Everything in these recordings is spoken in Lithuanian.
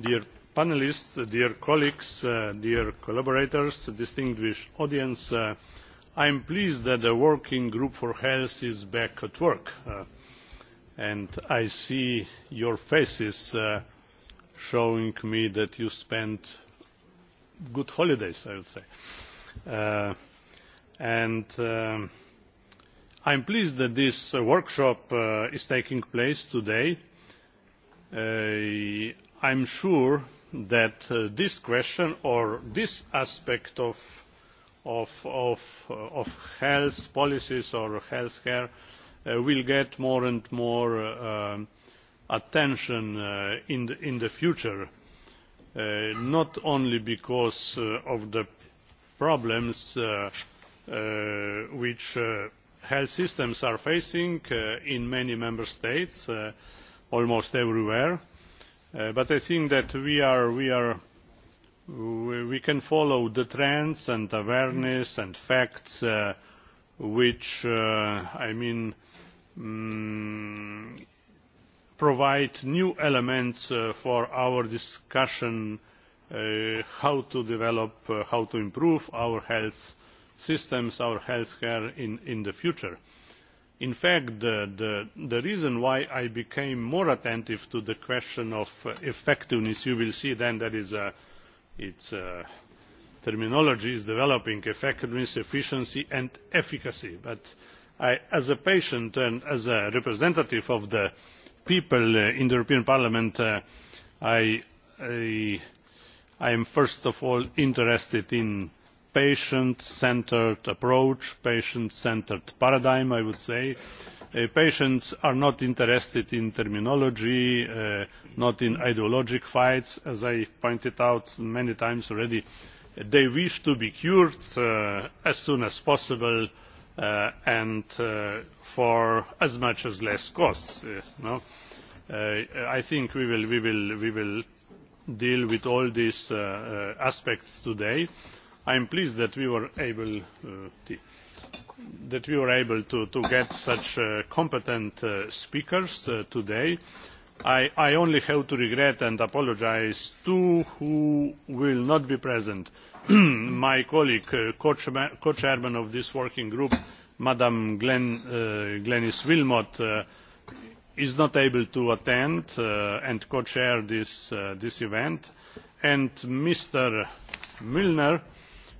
dear panellists dear colleagues uh, dear collaborators distinguished audience uh, i am pleased that the working group for health is back at work uh, and i see your faces uh, showing me that you spent good holidays i would say. Uh, and um, uh, i am pleased that this uh, workshop uh, is taking place today. Uh, i am sure that uh, this question or this aspect of, of, of, uh, of health policies or health care will get more and more attention in the, in the future not only because of the problems uh, which uh, health systems are facing uh, in many member states, uh, almost everywhere. Uh, but I think that we, are, we, are, we can follow the trends and awareness and facts uh, which, uh, I mean, um, mm, provide new elements uh, for our discussion uh, how to develop, uh, how to improve our health systems our healthcare in, in the future. In fact, the, the, the reason why I became more attentive to the question of uh, effectiveness, you will see then that is a, uh, it's a uh, terminology is developing effectiveness, efficiency and efficacy. But I, as a patient and as a representative of the people in the European Parliament, uh, I, I, I am first of all interested in patient centred approach patient centred paradigm i would say. Uh, patients are not interested in terminology uh, not in ideological fights as i pointed out many times already. they wish to be cured uh, as soon as possible uh, and uh, for as much as less costs. Uh, no? i think we will, we will, we will deal with all these aspects today i am pleased that we were able uh, that we were able to, to get such uh, competent uh, speakers uh, today. I, I only have to regret and apologise to who will not be present. My colleague, uh, co-chairman co of this working group, Madam Glen, uh, Glenis Wilmot, uh, is not able to attend uh, and co-chair this, uh, this event. And Mr. Milner, uh,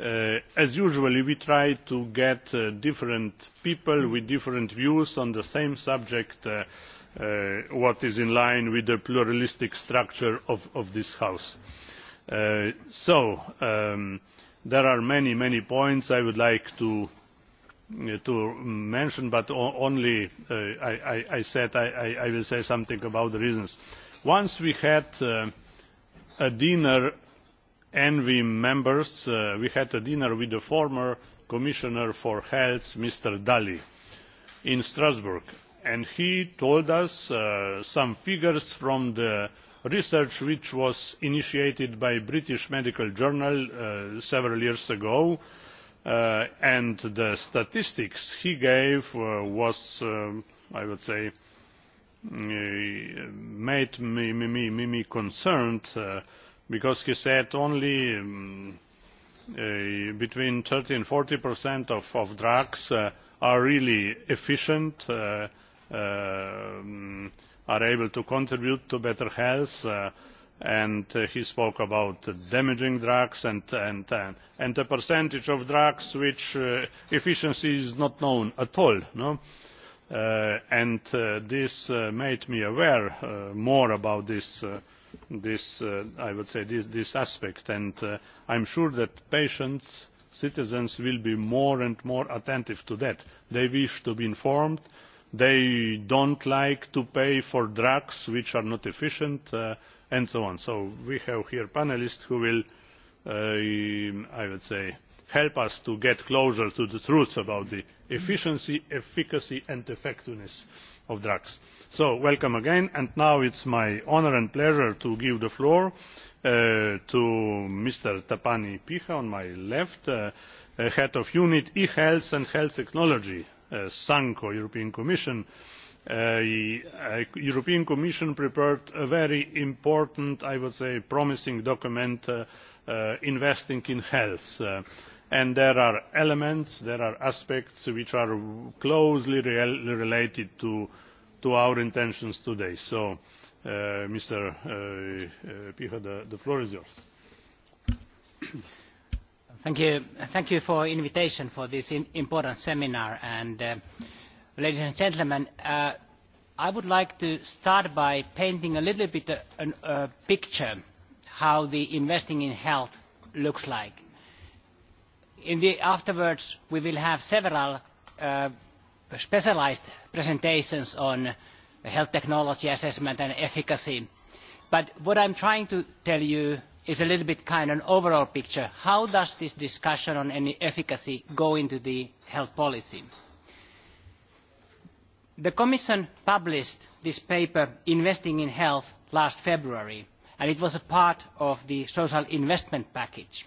Uh, as usual we try to get uh, different people with different views on the same subject uh, uh what is in line with the pluralistic structure of, of this house. Uh, so um, there are many many points i would like to, uh, to mention but only I, I, i said I, i will say something about the reasons. once we had a dinner envi members uh, we had a dinner with the former commissioner for health mr dalli in strasbourg and he told us uh, some figures from the research which was initiated by the british medical journal uh, several years ago uh, and the statistics he gave uh, was um, i would say uh, made me, me, me, me concerned uh, because he said only um, uh, between 30 and 40 percent of, of drugs uh, are really efficient, uh, uh, um, are able to contribute to better health, uh, and uh, he spoke about damaging drugs and, and, and, and the percentage of drugs which uh, efficiency is not known at all. No? Uh, and uh, this uh, made me aware uh, more about this uh, this uh, i would say this, this aspect and uh, i am sure that patients citizens will be more and more attentive to that they wish to be informed they do not like to pay for drugs which are not efficient uh, and so on so we have here panellists who will uh, i would say help us to get closer to the truth about the efficiency efficacy and effectiveness of drugs. so welcome again and now it is my honour and pleasure to give the floor uh, to mr tapani piha on my left uh, uh head of unit e health and health technology uh, sanco european commission. the uh, european commission prepared a very important i would say promising document investing in health' and there are elements there are aspects which are closely related to, to our intentions today. so uh, mr uh, uh pieper the, the floor is yours. Thank you. thank you for the invitation for this in, important seminar and uh, ladies and gentlemen uh, i would like to start by painting a little bit of uh, a picture of how investing in health looks like The, afterwards we will have several uh, specialised presentations on health technology assessment and efficacy but what i am trying to tell you is a little bit kind of an overall picture how does this discussion on any efficacy go into the health policy? the commission published this paper investing in health last february and it was a part of the social investment package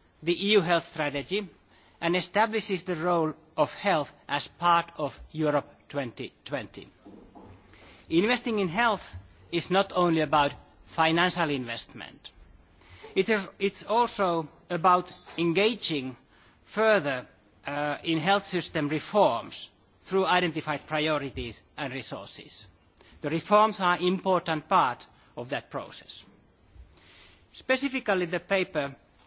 the eu health strategy and establishes the role of health as part of europe. two thousand and twenty investing in health is not only about financial investment it is also about engaging further uh, in health system reforms through identified priorities and resources. the reforms are an important part of that process. specifically the paper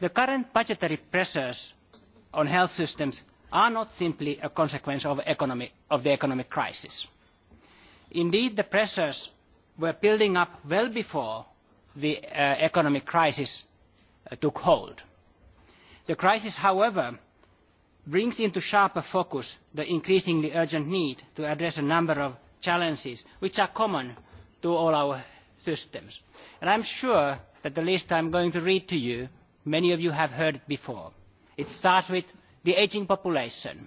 the current budgetary pressures on health systems are not simply a consequence of, economy, of the economic crisis. indeed the pressures were building up well before the uh, economic crisis uh, took hold. the crisis however brings into sharper focus the increasingly urgent need to address a number of challenges which are common to all our systems. i am sure that the list i am going to read to you many of you have heard it before. it starts with the ageing population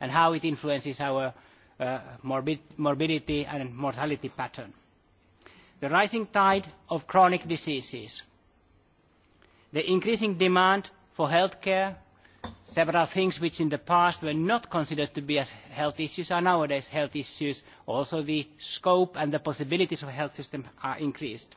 and how it influences our uh, morbid, morbidity and mortality pattern the rising tide of chronic diseases the increasing demand for health care several things which in the past were not considered to be as health issues are nowadays health issues also the scope and the possibilities of the health system are increased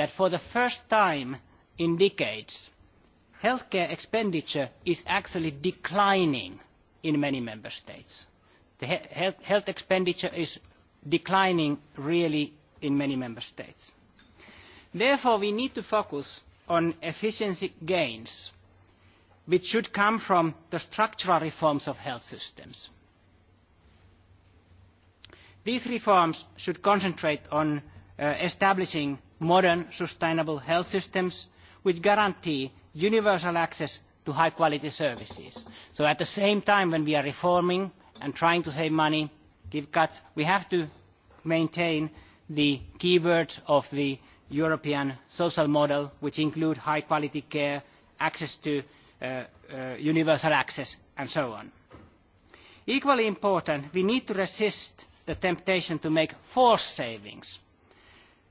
that for the first time in decades healthcare expenditure is actually declining in many member states. The he health, health expenditure is declining really in many member states. Therefore, we need to focus on efficiency gains, which should come from the structural reforms of health systems. These reforms should concentrate on uh, establishing modern sustainable health systems which guarantee universal access to high quality services. so at the same time when we are reforming and trying to save money give cuts we have to maintain the key words of the european social model which include high quality care access to uh, uh, universal access and so on. equally important we need to resist the temptation to make forced savings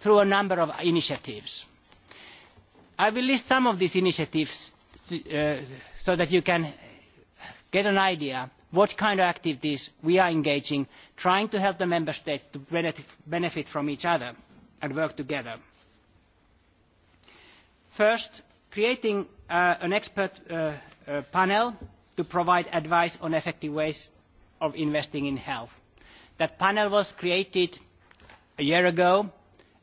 through a number of initiatives. I will list some of these initiatives to, uh, so that you can get an idea what kind of activities we are engaging, trying to help the member states to benefit, benefit from each other and work together. First, creating uh, an expert uh, uh, panel to provide advice on effective ways of investing in health. That panel was created a year ago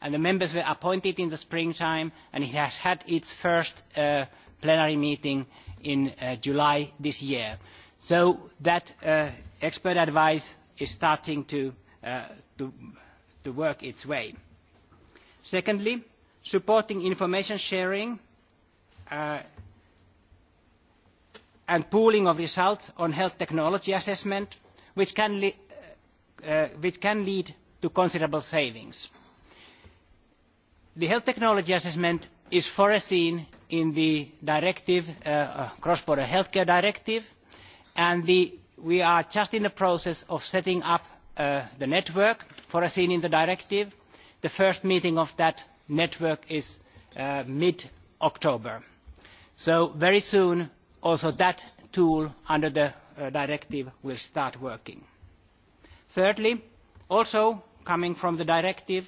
and the members were appointed in the springtime and it has had its first uh, plenary meeting in uh, July this year. So that uh, expert advice is starting to, uh, to, to work its way. Secondly, supporting information sharing uh, and pooling of results on health technology assessment, which can, uh, uh, which can lead to considerable savings the health technology assessment is foreseen in the uh, uh cross border healthcare directive and the, we are just in the process of setting up uh, the network foreseen in the directive. the first meeting of that network is uh, mid october so very soon also that tool under the uh, directive will start working. thirdly also coming from the directive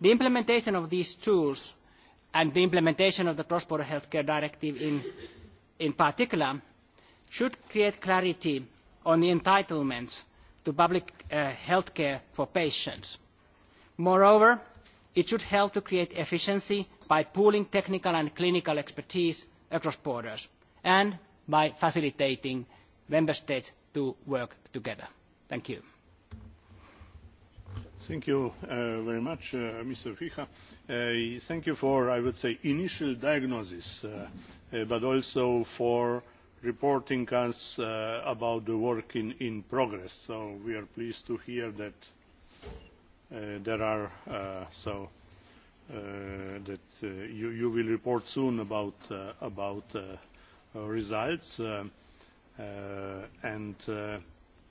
the implementation of these tools and the implementation of the cross border healthcare directive in, in particular should create clarity on the entitlements to public uh, health care for patients. moreover it should help to create efficiency by pooling technical and clinical expertise across borders and by facilitating member states to work together. thank you. Thank you uh, very much, uh, Mr. Fija. Uh, thank you for, I would say, initial diagnosis, uh, uh, but also for reporting us uh, about the work in, in progress. So we are pleased to hear that uh, there are uh, so uh, that uh, you, you will report soon about uh, about uh, results uh, uh, and. Uh,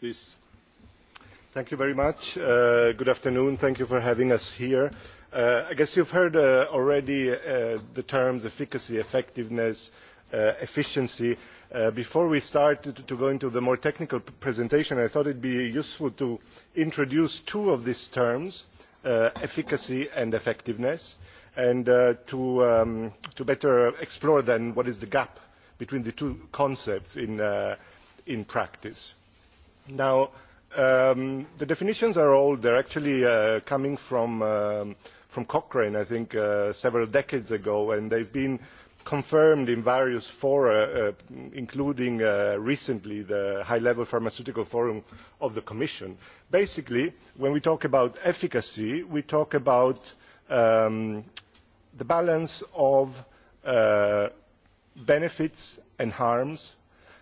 please. thank you very much. Uh, good afternoon. thank you for having us here. Uh, i guess you have heard uh, already uh, the terms efficacy effectiveness uh, efficiency. Uh, before we start to, to go into the more technical presentation i thought it would be useful to introduce two of these terms efficacy and effectiveness and to, um, to better explore then what is the gap between the two concepts in, in practice Now, um, the definitions are old. They're actually uh, coming from, um, from Cochrane, I think, uh, several decades ago, and they've been confirmed in various fora, uh, including uh, recently the High-Level Pharmaceutical Forum of the Commission. Basically, when we talk about efficacy, we talk about um, the balance of uh, benefits and harms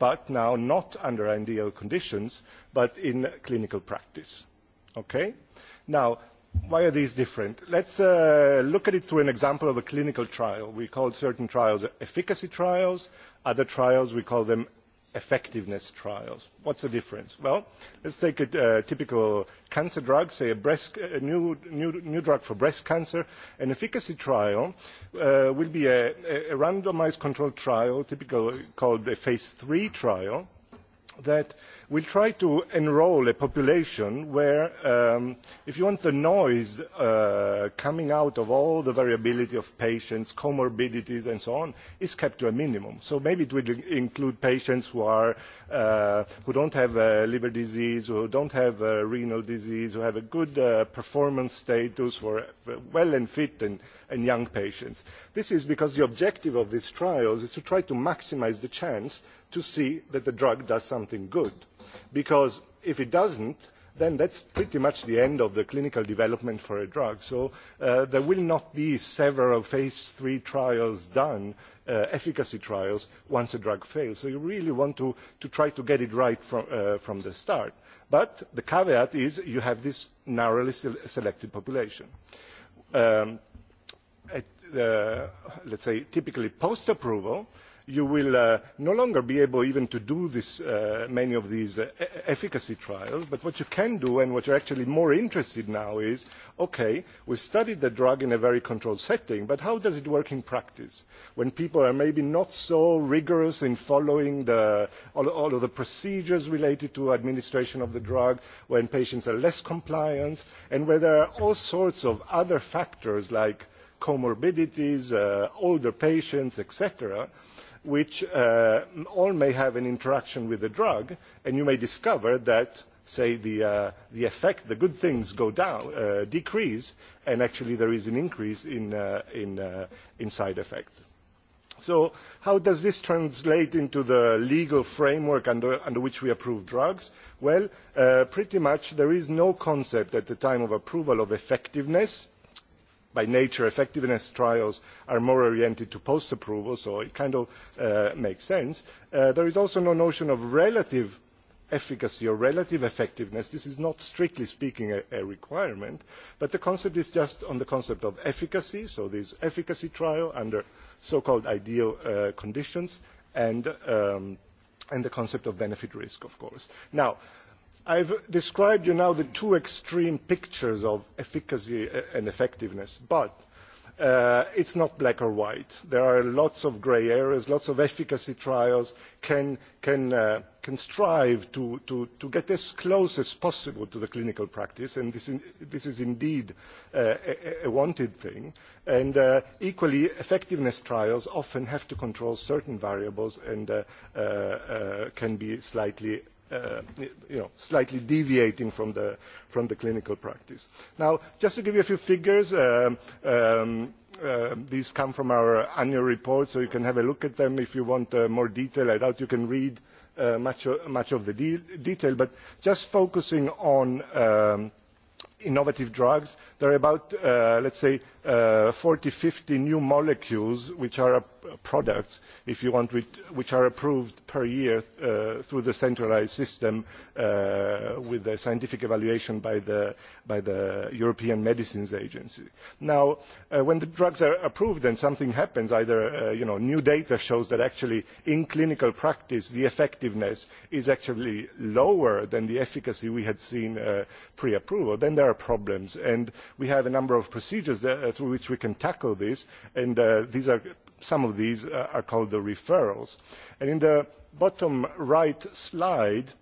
but now not under NDO conditions, but in clinical practice. Okay? Now, why are these different? Let's uh, look at it through an example of a clinical trial. We call certain trials efficacy trials. Other trials, we call them effectiveness trials. what is the difference? well let us take a uh, typical cancer drug say a, breast, a new, new, new drug for breast cancer. an efficacy trial uh, will be a, a randomised controlled trial typically called a phase three trial that will try to enrol a population where um, if you want the noise uh, coming out of all the variability of patients comorbidities and so on is kept to a minimum so maybe it will include patients who are uh, who don't have uh, liver disease who don't have uh, renal disease who have a good uh, performance status for uh, well and fit and, and young patients this is because the objective of these trials is to try to maximize the chance to see that the drug does something good because if it does not then that is pretty much the end of the clinical development for a drug so uh, there will not be several phase three trials done uh, efficacy trials once a drug fails so you really want to, to try to get it right from, uh, from the start but the caveat is you have this narrowly selected population. Um, at, uh, let's say typically post approval uh, you will uh, no longer be able even to do this, uh, many of these uh, e-, e-, efficacy trials, but what you can do and what you're actually more interested in now is, okay, we studied the drug in a very controlled setting, but how does it work in practice when people are maybe not so rigorous in following the, all, all of the procedures related to administration of the drug, when patients are less compliant, and where there are all sorts of other factors like comorbidities, uh, older patients, etc., which uh, all may have an interaction with the drug and you may discover that say the, uh, the effect the good things go down uh, decrease and actually there is an increase in, uh, in, uh, in side effects so how does this translate into the legal framework under, under which we approve drugs? well uh, pretty much there is no concept at the time of approval of effectiveness uh, by nature effectiveness trials are more oriented to post approval so it kind of uh, makes sense. Uh, there is also no notion of relative efficacy or relative effectiveness. this is not strictly speaking a, a requirement but the concept is just on the concept of efficacy so there is efficacy trial under so called ideal uh, conditions and, um, and the concept of benefit risk of course. now i have described to you now the two extreme pictures of efficacy and effectiveness but uh, it is not black or white. there are lots of grey areas lots of efficacy trials that uh, can strive to get as close as possible to clinical practice and this is indeed uh, a wanted thing and equally effectiveness trials often have to control certain variables and can be slightly uh, you know, slightly deviating from the, from the clinical practice. Now, just to give you a few figures, um, um, uh, these come from our annual report, so you can have a look at them if you want uh, more detail. I doubt you can read uh, much, uh, much of the de detail, but just focusing on um, innovative drugs, there are about, uh, let's say, Uh, forty or fifty new molecules which are uh, products if you want which are approved per year uh, through the centralised system with the scientific evaluation by the european medicines agency. now when the drugs are approved and something happens either new data shows that actually in clinical practice the effectiveness is actually lower than the efficacy we had seen pre approval then there are problems and we have a number of procedures Uh, through which we can tackle this and uh, these are some of these uh, are called the referrals. And in the bottom right slide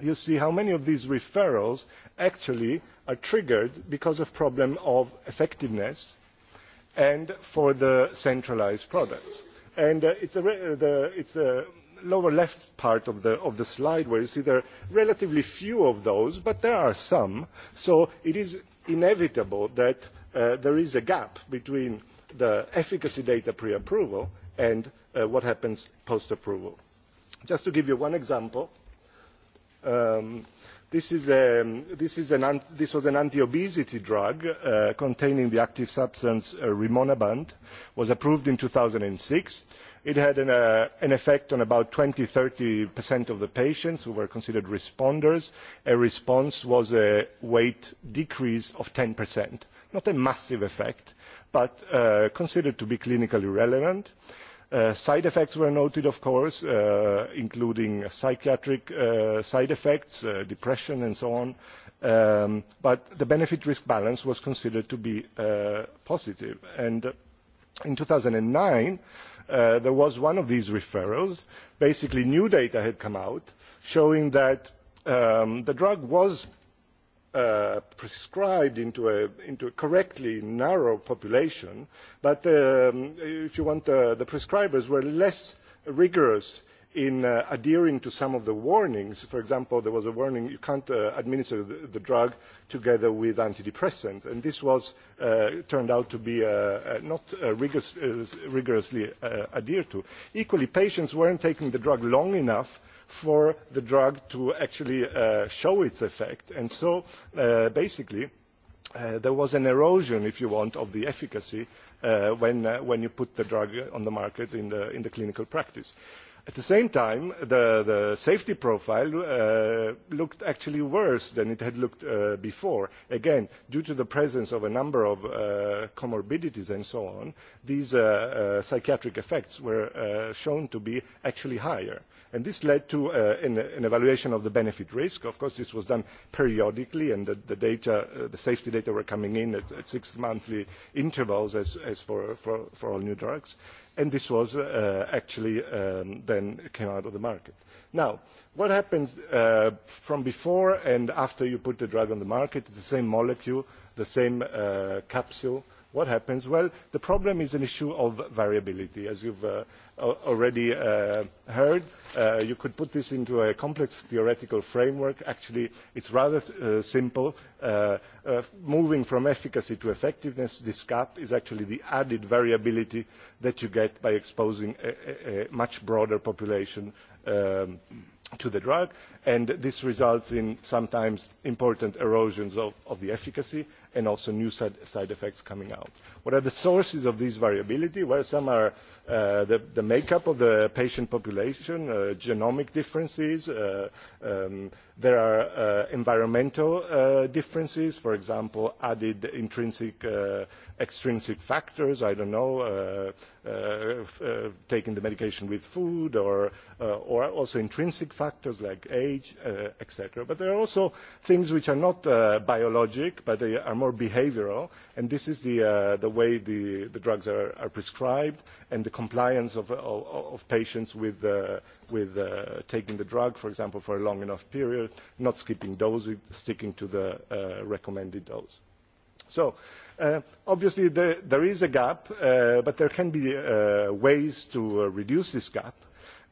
you see how many of these referrals actually are triggered because of problems of effectiveness and for the centralised products. And uh, it's, a re the, it's a lower left part of the, of the slide where you see there are relatively few of those, but there are some. So it is inevitable that uh, there is a gap between the efficacy data pre approval and uh, what happens post approval. just to give you one example um, this, is a, um, this, is an, this was an anti obesity drug uh, containing the active substance uh, rimonabant was approved in two thousand and six it had an, uh, an effect on about twenty thirty percent of the patients who were considered responders. a response was a weight decrease of ten percent not a massive effect but uh, considered to be clinically relevant. Uh, side effects were noted of course uh, including psychiatric uh, side effects uh, depression and so on um, but the benefit risk balance was considered to be uh, positive and in two thousand and nine uh, there was one of these referrals. Basically, new data had come out showing that um, the drug was uh, prescribed into a, into a correctly narrow population, but um, if you want, uh, the prescribers were less rigorous in uh, adhering to some of the warnings. For example, there was a warning you can't uh, administer the, the drug together with antidepressants, and this was uh, turned out to be uh, uh, not uh, rigorous, uh, rigorously uh, adhered to. Equally, patients weren't taking the drug long enough for the drug to actually uh, show its effect, and so uh, basically. Uh, there was an erosion, if you want, of the efficacy uh, when, uh, when you put the drug on the market in the, in the clinical practice. Uh, at the same time the, the safety profile uh, looked actually worse than it had looked uh, before. again due to the presence of a number of uh, comorbidities and so on these uh, uh, psychiatric effects were uh, shown to be actually higher and this led to an, an evaluation of the benefit risk. of course this was done periodically and the, the, data, the safety data were coming in at, at six monthly intervals as, as for, for, for all new drugs and this was uh, actually um, then came out of the market. Now, what happens uh, from before and after you put the drug on the market? It's the same molecule, the same uh, capsule, what happens? well the problem is an issue of variability as you have uh, already uh, heard. Uh, you could put this into a complex theoretical framework. actually it is rather uh, simple. Uh, uh, moving from efficacy to effectiveness this gap is actually the added variability that you get by exposing a, a, a much broader population um, to the drug and this results in sometimes important erosions of, of the efficacy and also new side effects coming out. what are the sources of this variability? well some are uh, the, the make up of the patient population uh, genomic differences uh, um, there are uh, environmental uh, differences for example added intrinsic uh, extrinsic factors i do not know taking the medication with food or, or also intrinsic factors like age etc. but there are also things which are not biologic but they more behavioural and this is the, uh, the way the, the drugs are, are prescribed and the compliance of, of, of patients with, uh, with uh, taking the drug, for example, for a long enough period, not skipping doses, sticking to the uh, recommended dose. So, uh, obviously there, there is a gap, uh, but there can be uh, ways to uh, reduce this gap. Uh,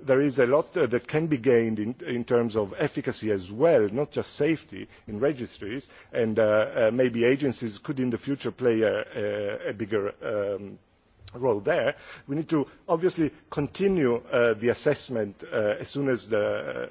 there is a lot uh, that can be gained in, in terms of efficacy as well not just safety in registries and uh, uh maybe agencies could in the future play a, a bigger um, role there. we need to obviously continue uh, the assessment uh, as soon as the,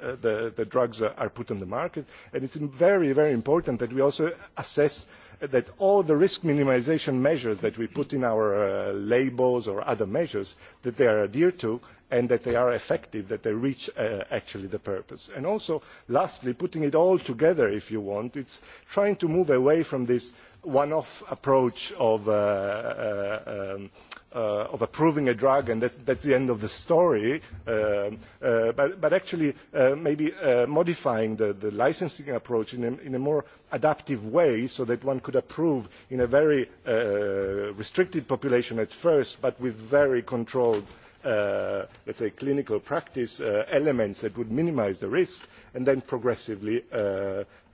uh, the, the drugs are put on the market and it is very very important that we also assess that all the risk minimisation measures that we put in our uh, labels or other measures that they are adhered to and that they are effective that they reach uh, actually the purpose. and also lastly putting it all together if you want it is trying to move away from this one off approach of uh, um, of approving a drug and that, that's the end of the story, um, uh, but, but actually uh, maybe uh, modifying the, the licensing approach in a, in a more adaptive way so that one could approve in a very uh, restricted population at first but with very controlled uh, let us say clinical practice uh, elements that would minimise the risk and then progressively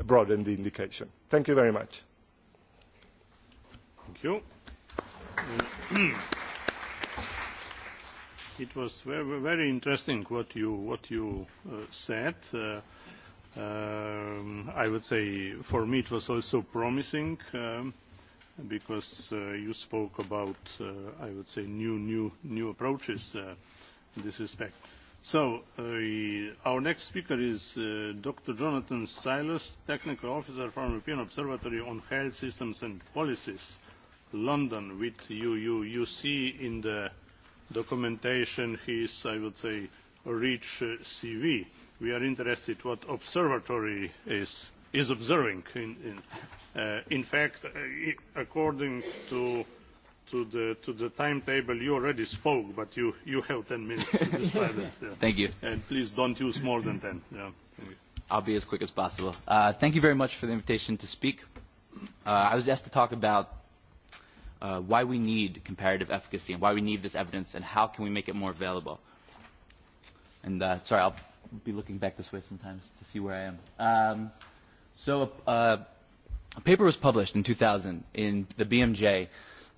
broaden the indication. thank you very much. it was very interesting what you said um, I would say for me it was also promising um, because uh, you spoke about, uh, I would say, new, new, new approaches uh, in this respect. So uh, our next speaker is uh, Dr. Jonathan Silas, Technical Officer from European Observatory on Health Systems and Policies, London, with you. You, you see in the documentation he is, I would say, uh, reach uh, cv. we are interested in what the observatory is, is observing. in, in, uh, in fact uh, according to, to, the, to the timetable you already spoke but you, you have ten minutes to describe it. Yeah. thank you. and please don't use more than ten. Yeah. i'll be as quick as possible. Uh, thank you very much for the invitation to speak. Uh, i was asked to talk about uh, why we need comparative efficacy and why we need this evidence and how can we make it more available. Uh, And uh, sorry, I'll be looking back this way sometimes to see where I am. Um, so uh, a paper was published in 2000 in the BMJ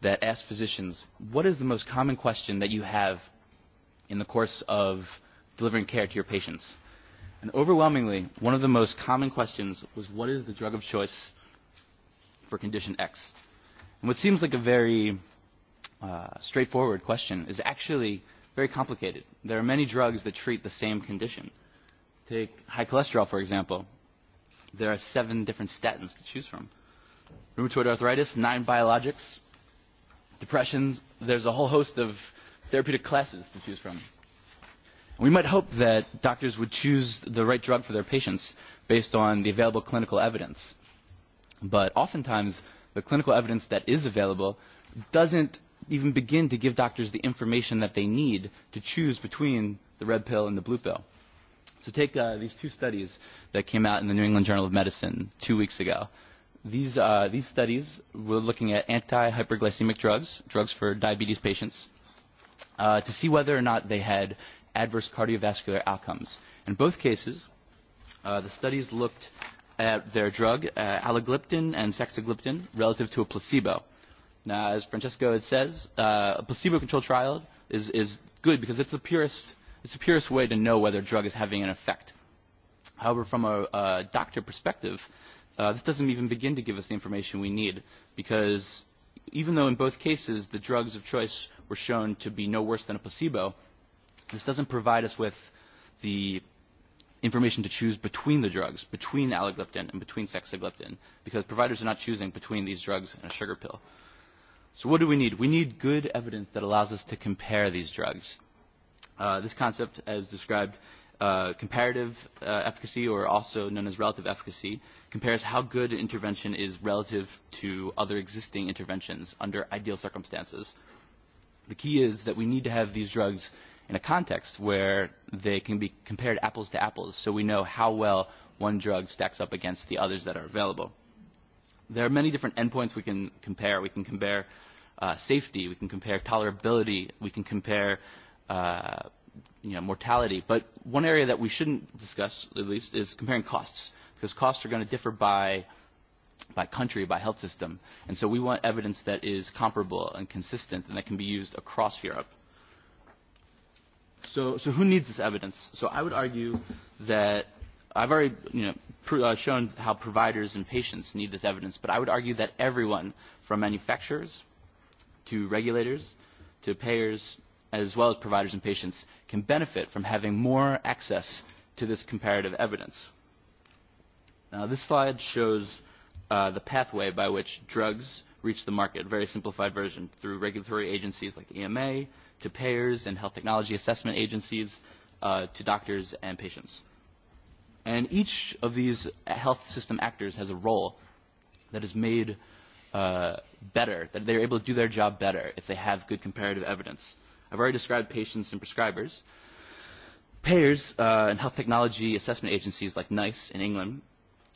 that asked physicians, what is the most common question that you have in the course of delivering care to your patients? And overwhelmingly, one of the most common questions was, what is the drug of choice for condition X? And what seems like a very uh, straightforward question is actually – very complicated. There are many drugs that treat the same condition. Take high cholesterol, for example. There are seven different statins to choose from. Rheumatoid arthritis, nine biologics. Depressions, there's a whole host of therapeutic classes to choose from. We might hope that doctors would choose the right drug for their patients based on the available clinical evidence. But oftentimes, the clinical evidence that is available doesn't even begin to give doctors the information that they need to choose between the red pill and the blue pill. So take uh, these two studies that came out in the New England Journal of Medicine two weeks ago. These, uh, these studies were looking at anti-hyperglycemic drugs, drugs for diabetes patients, uh, to see whether or not they had adverse cardiovascular outcomes. In both cases, uh, the studies looked at their drug, uh, allogliptin and sexagliptin, relative to a placebo. Uh, Now, as Francesco had says, uh, a placebo-controlled trial is, is good because it's the, purest, it's the purest way to know whether a drug is having an effect. However, from a, a doctor perspective, uh, this doesn't even begin to give us the information we need because even though in both cases the drugs of choice were shown to be no worse than a placebo, this doesn't provide us with the information to choose between the drugs, between allogliptin and between sexagliptin, because providers are not choosing between these drugs and a sugar pill. Uh, So what do we need? We need good evidence that allows us to compare these drugs. Uh, this concept, as described, uh, comparative uh, efficacy, or also known as relative efficacy, compares how good an intervention is relative to other existing interventions under ideal circumstances. The key is that we need to have these drugs in a context where they can be compared apples to apples so we know how well one drug stacks up against the others that are available there are many different endpoints we can compare. We can compare uh, safety, we can compare tolerability, we can compare uh, you know, mortality. But one area that we shouldn't discuss, at least, is comparing costs, because costs are going to differ by by country, by health system. And so we want evidence that is comparable and consistent and that can be used across Europe. So, so who needs this evidence? So I would argue that I've already you know, pr uh, shown how providers and patients need this evidence, but I would argue that everyone, from manufacturers to regulators to payers, as well as providers and patients, can benefit from having more access to this comparative evidence. Now, this slide shows uh, the pathway by which drugs reach the market, a very simplified version, through regulatory agencies like the EMA, to payers and health technology assessment agencies, uh, to doctors and patients. Uh, And each of these health system actors has a role that is made uh, better, that they're able to do their job better if they have good comparative evidence. I've already described patients and prescribers. Payers uh, and health technology assessment agencies like NICE in England,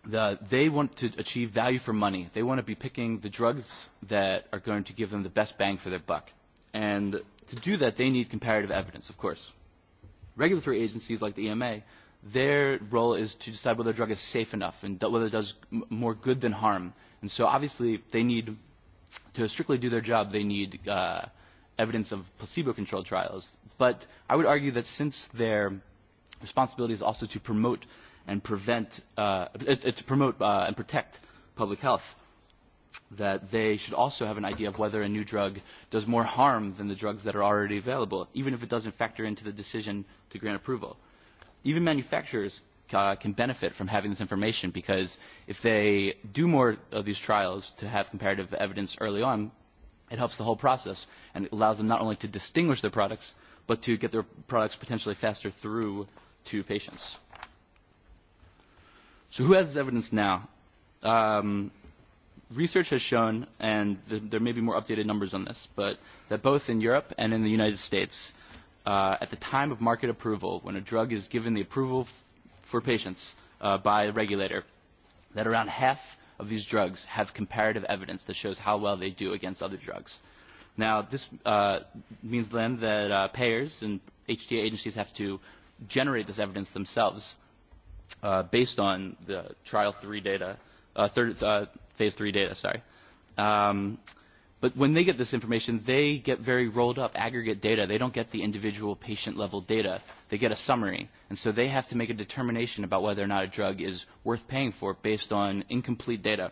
the, they want to achieve value for money. They want to be picking the drugs that are going to give them the best bang for their buck. And to do that, they need comparative evidence, of course. Regulatory agencies like the EMA their role is to decide whether a drug is safe enough and whether it does m more good than harm. And so obviously they need to strictly do their job, they need uh, evidence of placebo-controlled trials. But I would argue that since their responsibility is also to promote and prevent, uh, uh, to promote uh, and protect public health, that they should also have an idea of whether a new drug does more harm than the drugs that are already available, even if it doesn't factor into the decision to grant approval even manufacturers uh, can benefit from having this information because if they do more of these trials to have comparative evidence early on, it helps the whole process and it allows them not only to distinguish their products, but to get their products potentially faster through to patients. So who has this evidence now? Um, research has shown, and th there may be more updated numbers on this, but that both in Europe and in the United States, uh, at the time of market approval, when a drug is given the approval f- for patients uh, by a regulator, that around half of these drugs have comparative evidence that shows how well they do against other drugs. Now, this uh, means then that uh, payers and HTA agencies have to generate this evidence themselves uh, based on the trial three data, uh, third, uh, phase three data, sorry. Um, But when they get this information, they get very rolled up aggregate data. They don't get the individual patient level data. They get a summary. And so they have to make a determination about whether or not a drug is worth paying for based on incomplete data.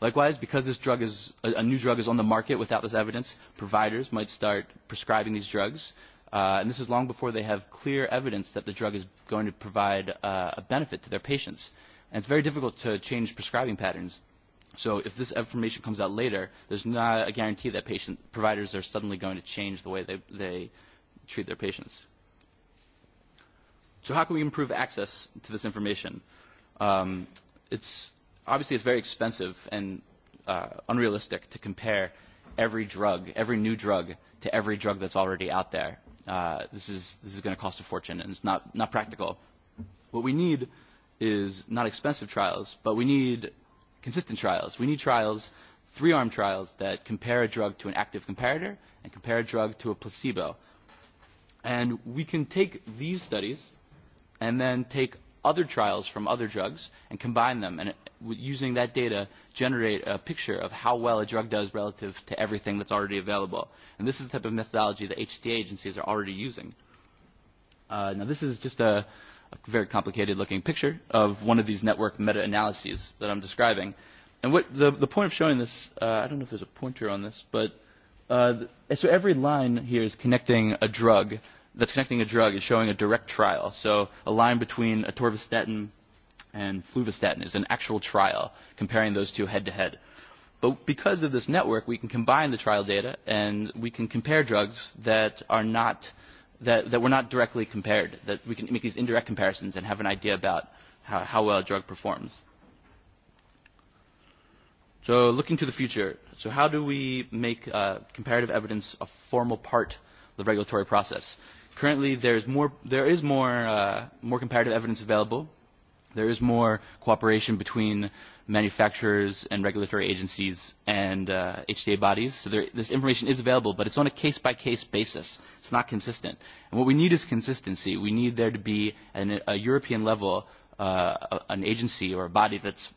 Likewise, because this drug is, a, a new drug is on the market without this evidence, providers might start prescribing these drugs. Uh, and this is long before they have clear evidence that the drug is going to provide uh, a benefit to their patients. And it's very difficult to change prescribing patterns So if this information comes out later, there's not a guarantee that patient providers are suddenly going to change the way they, they treat their patients. So how can we improve access to this information? Um, it's obviously it's very expensive and uh, unrealistic to compare every drug, every new drug, to every drug that's already out there. Uh, this is this is going to cost a fortune, and it's not not practical. What we need is not expensive trials, but we need consistent trials. We need trials, three-arm trials, that compare a drug to an active comparator and compare a drug to a placebo. And we can take these studies and then take other trials from other drugs and combine them and using that data generate a picture of how well a drug does relative to everything that's already available. And this is the type of methodology that HTA agencies are already using. Uh, now this is just a, a very complicated looking picture of one of these network meta-analyses that I'm describing. And what the, the point of showing this, uh, I don't know if there's a pointer on this, but uh, so every line here is connecting a drug that's connecting a drug is showing a direct trial. So a line between atorvastatin and fluvastatin is an actual trial comparing those two head to head. But because of this network, we can combine the trial data and we can compare drugs that are not uh, that, that we're not directly compared, that we can make these indirect comparisons and have an idea about how, how well a drug performs. So looking to the future, so how do we make uh, comparative evidence a formal part of the regulatory process? Currently, there's more, there is more, uh, more comparative evidence available. There is more cooperation between manufacturers and regulatory agencies and uh, HTA bodies. So there, this information is available, but it's on a case-by-case -case basis. It's not consistent. And what we need is consistency. We need there to be an, a European level, uh, an agency or a body that's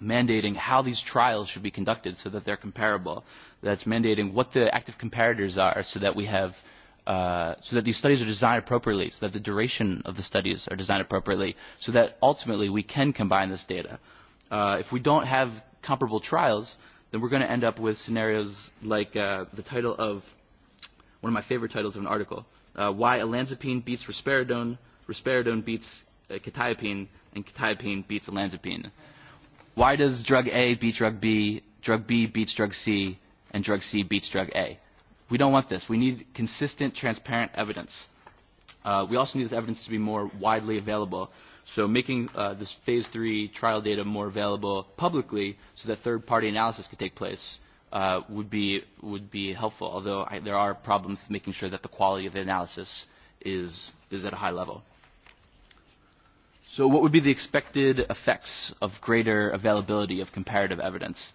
mandating how these trials should be conducted so that they're comparable, that's mandating what the active comparators are so that we have uh, so that these studies are designed appropriately, so that the duration of the studies are designed appropriately, so that ultimately we can combine this data uh, if we don't have comparable trials, then we're going to end up with scenarios like uh, the title of one of my favorite titles of an article, uh, Why Olanzapine Beats Risperidone, Risperidone Beats uh, Quetiapine, and Quetiapine Beats Olanzapine. Why does drug A beat drug B, drug B beats drug C, and drug C beats drug A? We don't want this. We need consistent, transparent evidence. Uh, we also need this evidence to be more widely available So making uh, this phase three trial data more available publicly so that third-party analysis could take place uh, would be would be helpful. Although I, there are problems with making sure that the quality of the analysis is is at a high level. So what would be the expected effects of greater availability of comparative evidence?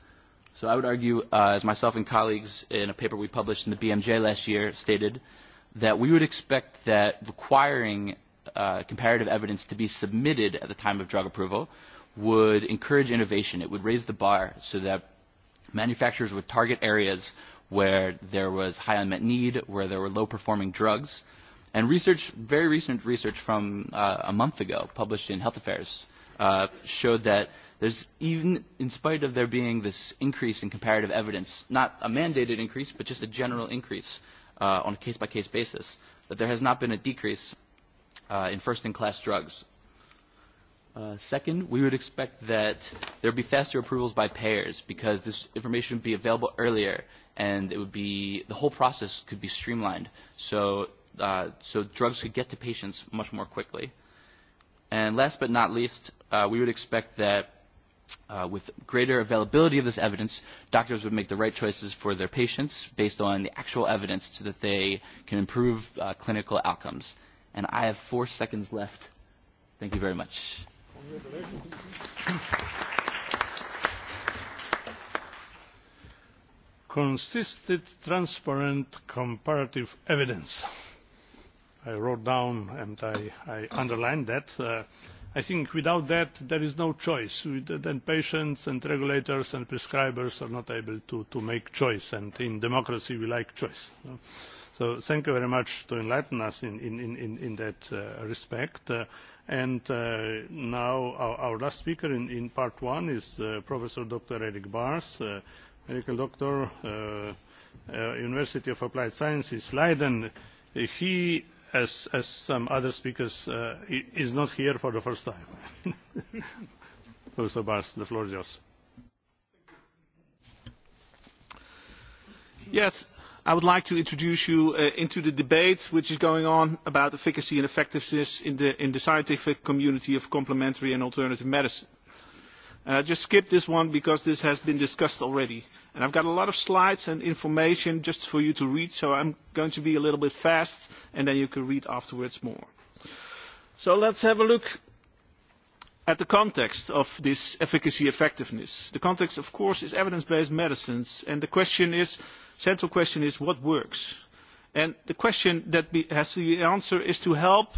So I would argue, uh, as myself and colleagues in a paper we published in the BMJ last year stated, that we would expect that requiring uh, comparative evidence to be submitted at the time of drug approval would encourage innovation. It would raise the bar so that manufacturers would target areas where there was high unmet need, where there were low-performing drugs. And research, very recent research from uh, a month ago, published in Health Affairs, uh, showed that there's even, in spite of there being this increase in comparative evidence, not a mandated increase, but just a general increase uh, on a case-by-case -case basis, that there has not been a decrease uh, in first-in-class drugs. Uh, second, we would expect that there would be faster approvals by payers because this information would be available earlier and it would be the whole process could be streamlined so uh, so drugs could get to patients much more quickly. And last but not least, uh, we would expect that uh, with greater availability of this evidence, doctors would make the right choices for their patients based on the actual evidence so that they can improve uh, clinical outcomes. Uh, and I have four seconds left. Thank you very much. Consistent, transparent, comparative evidence. I wrote down and I, I underlined that. Uh, I think without that, there is no choice. We, then patients and regulators and prescribers are not able to, to make choice. And in democracy, we like choice. Uh, so thank you very much for enlightening us in, in, in, in that uh, respect. Uh, and uh, now our, our last speaker in, in part one is uh, Professor Dr. Eric Bars, uh, medical doctor, uh, uh, University of Applied Sciences, Leiden. He, as, as some other speakers, uh, is not here for the first time. Professor Bars, the floor is yours. Yes, I would like to introduce you uh, into the debate which is going on about efficacy and effectiveness in the, in the scientific community of complementary and alternative medicine. And uh, I just skipped this one because this has been discussed already. And I've got a lot of slides and information just for you to read, so I'm going to be a little bit fast, and then you can read afterwards more. So let's have a look at the context of this efficacy effectiveness. The context, of course, is evidence-based medicines, and the question is, central question is what works? And the question that be, has to be answered is to help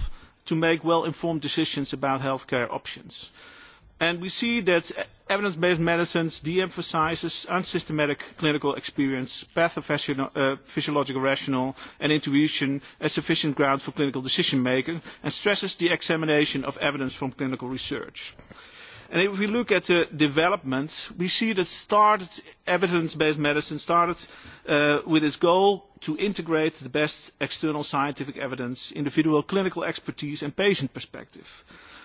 to make well-informed decisions about healthcare options. And we see that evidence-based medicines de-emphasizes unsystematic clinical experience, pathophysiological uh, rationale and intuition as sufficient grounds for clinical decision-making and stresses the examination of evidence from clinical research. Uh, And if we look at the developments, we see that started evidence-based medicine started uh, with its goal to integrate the best external scientific evidence, individual clinical expertise and patient perspective. Uh,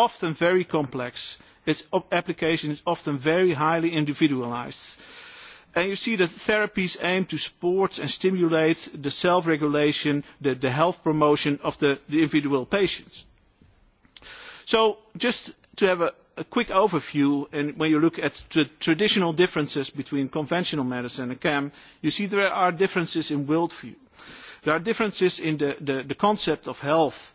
often very complex. Its application is often very highly individualized. And you see that therapies aim to support and stimulate the self-regulation, the, the health promotion of the, the individual patients. So just to have a, a quick overview, and when you look at the traditional differences between conventional medicine and CAM, you see there are differences in worldview. There are differences in the, the, the concept of health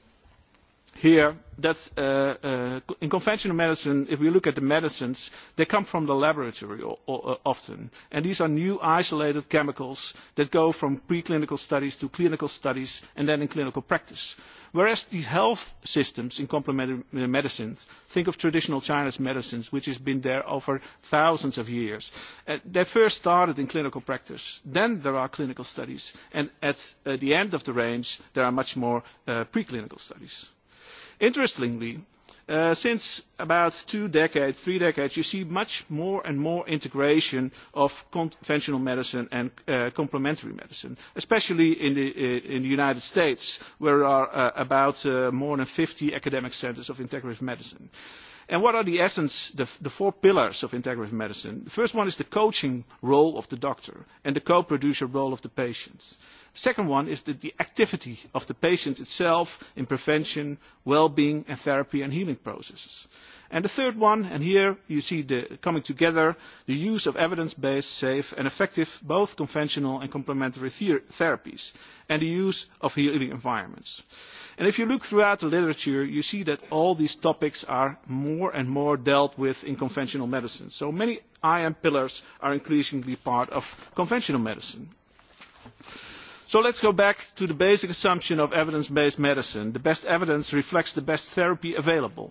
here that's uh, uh, in conventional medicine if we look at the medicines they come from the laboratory o o uh, often and these are new isolated chemicals that go from preclinical studies to clinical studies and then in clinical practice whereas these health systems in complementary medicines think of traditional chinese medicines which has been there over thousands of years uh, they first started in clinical practice then there are clinical studies and at uh, the end of the range there are much more uh, preclinical studies Interestingly, uh, since about two decades, three decades, you see much more and more integration of conventional medicine and uh, complementary medicine, especially in the, uh, in the United States, where there are uh, about uh, more than 50 academic centers of integrative medicine. And what are the essence, the, the four pillars of integrative medicine? The first one is the coaching role of the doctor and the co-producer role of the patients. Uh, second one is the, the activity of the patient itself in prevention, well-being and therapy and healing processes. And the third one, and here you see the coming together, the use of evidence-based, safe and effective both conventional and complementary ther therapies, and the use of healing environments. And if you look throughout the literature, you see that all these topics are more and more dealt with in conventional medicine. So many IM pillars are increasingly part of conventional medicine. Thank you so let us go back to the basic assumption of evidence based medicine the best evidence reflects the best therapy available.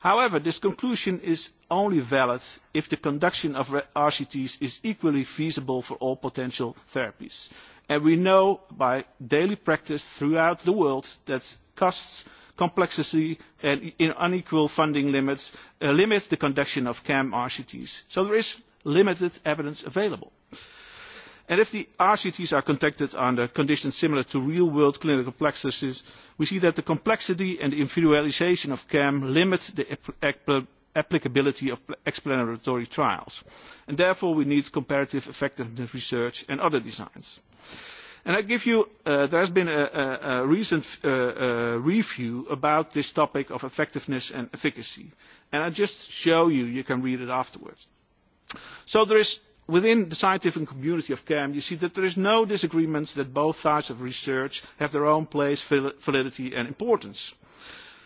however this conclusion is only valid if the conduction of rcts is equally feasible for all potential therapies and we know by daily practice throughout the world that costs complexity and unequal funding limits uh, limit the conduction of cam rcts so there is limited evidence available. And if the RCTs are conducted under conditions similar to real-world clinical practices, we see that the complexity and the individualization of CAM limit the ap applicability of explanatory trials. And therefore, we need comparative effectiveness research and other designs. And I give you, uh, there has been a, a, a recent uh, uh, review about this topic of effectiveness and efficacy. And I just show you, you can read it afterwards. So there is within the scientific community of CAM, you see that there is no disagreement that both types of research have their own place, validity and importance.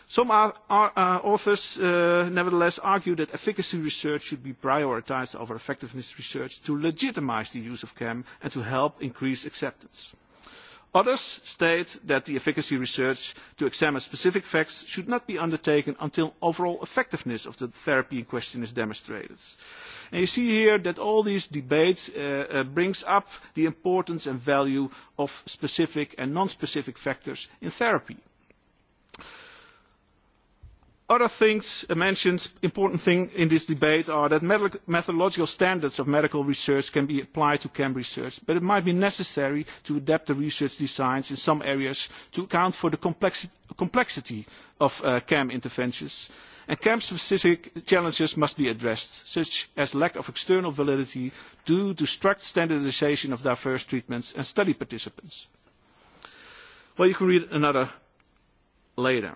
Some are, are, uh, authors, uh, nevertheless, argue that efficacy research should be prioritized over effectiveness research to legitimize the use of CAM and to help increase acceptance others state that the efficacy research to examine specific facts should not be undertaken until overall effectiveness of the therapy in question is demonstrated. And you see here that all these debates uh, uh, brings up the importance and value of specific and non-specific factors in therapy other things uh, mentioned important thing in this debate are that methodological standards of medical research can be applied to chem research but it might be necessary to adapt the research designs in some areas to account for the complexi complexity of uh, chem interventions and chem specific challenges must be addressed such as lack of external validity due to strict standardisation of diverse treatments and study participants. well you can read another later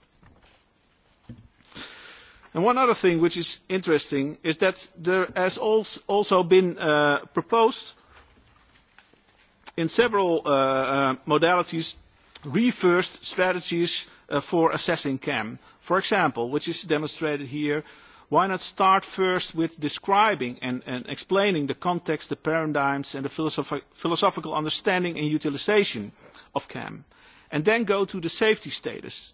And one other thing which is interesting is that there has also been uh, proposed in several uh, uh, modalities reversed strategies uh, for assessing CAM. For example, which is demonstrated here, why not start first with describing and, and explaining the context, the paradigms and the philosoph philosophical understanding and utilization of CAM, and then go to the safety status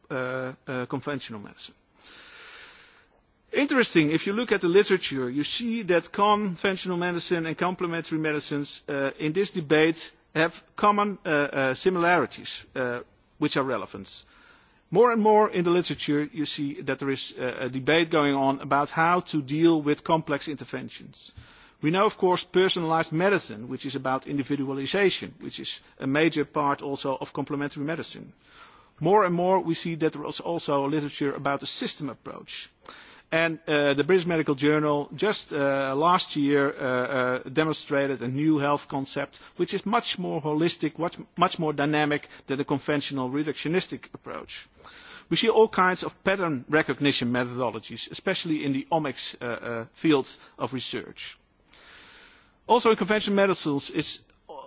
uh, uh, conventional medicine. Interesting, if you look at the literature, you see that conventional medicine and complementary medicines uh, in this debate have common uh, uh, similarities uh, which are relevant. More and more in the literature, you see that there is uh, a debate going on about how to deal with complex interventions. We know, of course, personalized medicine, which is about individualization, which is a major part also of complementary medicine More and more, we see that there is also literature about a system approach. And uh, the British Medical Journal just uh, last year uh, uh, demonstrated a new health concept, which is much more holistic, much, much more dynamic than the conventional reductionistic approach. We see all kinds of pattern recognition methodologies, especially in the omics uh, uh, field of research. Also in conventional medicines, it's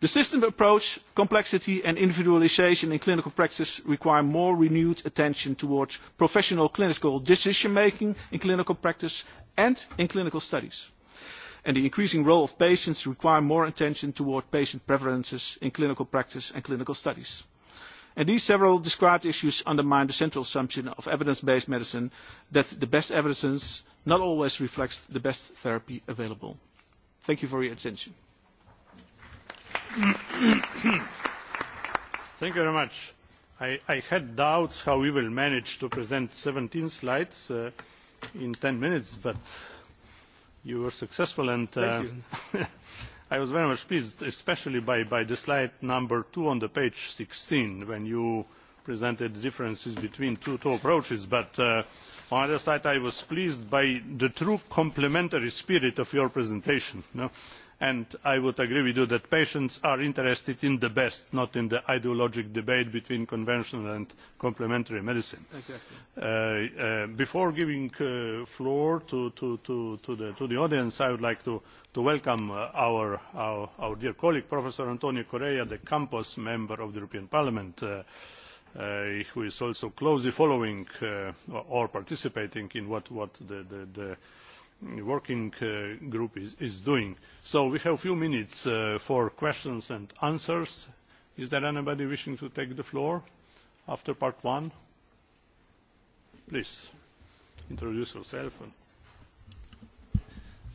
the system approach complexity and individualisation in clinical practice require more renewed attention towards professional clinical decision making in clinical practice and in clinical studies and the increasing role of patients requires more attention towards patient preferences in clinical practice and clinical studies. And these several described issues undermine the central assumption of evidence-based medicine that the best evidence not always reflects the best therapy available. Thank you for your attention. thank you very much. I, i had doubts how we will manage to present seventeen slides uh, in ten minutes but you were successful and uh, i was very much pleased especially by, by the slide number two on page sixteen when you presented the differences between the two, two approaches but uh, on the other side i was pleased by the true complementary spirit of your presentation. No? and i would agree with you that patients are interested in the best not in the ideological debate between conventional and complementary medicine. Uh, uh, before giving uh, the floor to the audience i would like to welcome our dear colleague professor antonio correia de campos member of the european parliament who is also closely following or participating in what the working uh, group is, is doing. So we have a few minutes uh, for questions and answers. Is there anybody wishing to take the floor after part one? Please introduce yourself. And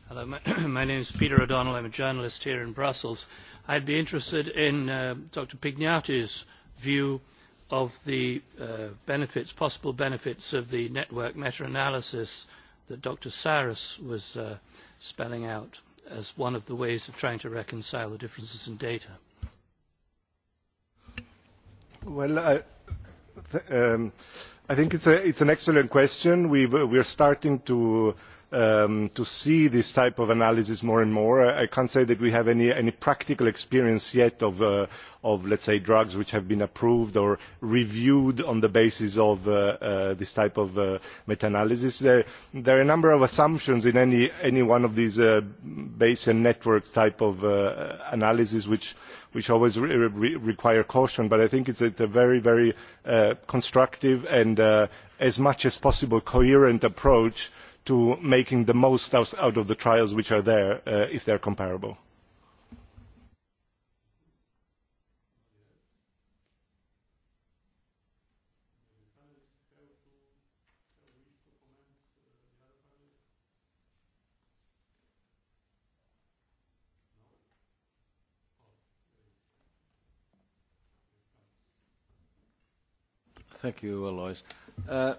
Hello, my, my name is Peter O'Donnell. I'm a journalist here in Brussels. I'd be interested in uh, Dr. Pignati's view of the uh, benefits, possible benefits of the network meta-analysis uh, that Dr. Saris was uh, spelling out as one of the ways of trying to reconcile the differences in data? Well, I, th um, I think it's, a, it's an excellent question. We've, we're starting to uh, um, to see this type of analysis more and more. I can't say that we have any, any practical experience yet of, uh, of, let's say, drugs which have been approved or reviewed on the basis of uh, uh, this type of uh, meta-analysis. There, there are a number of assumptions in any, any one of these uh, Bayesian network type of uh, analysis which, which always re re require caution, but I think it's, it's a very, very uh, constructive and uh, as much as possible coherent approach to making the most out of the trials which are there uh, if they are comparable. Thank you, Alois. Uh,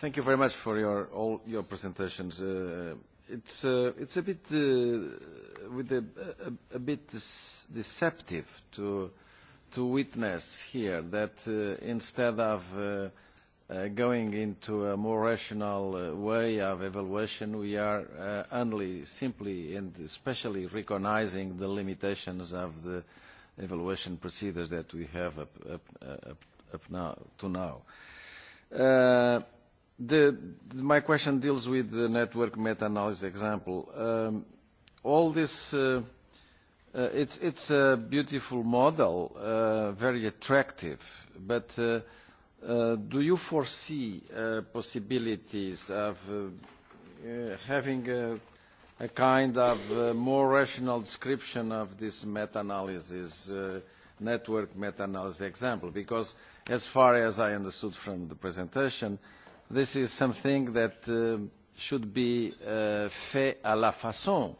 thank you very much for your, all your presentations. Uh, it's, uh, it's a bit, uh, with a, a, a bit deceptive to, to witness here that uh, instead of uh, uh, going into a more rational uh, way of evaluation, we are uh, only simply and especially recognizing the limitations of the evaluation procedures that we have up, up, up, up now, to now. Uh, The, my question deals with the network meta-analysis example. Um, all this, uh, uh, it's, it's a beautiful model, uh, very attractive, but uh, uh, do you foresee uh, possibilities of uh, uh, having a, a kind of uh, more rational description of this meta-analysis, uh, network meta-analysis example? Because as far as I understood from the presentation, uh, this is something that uh, should be uh, fait à la façon.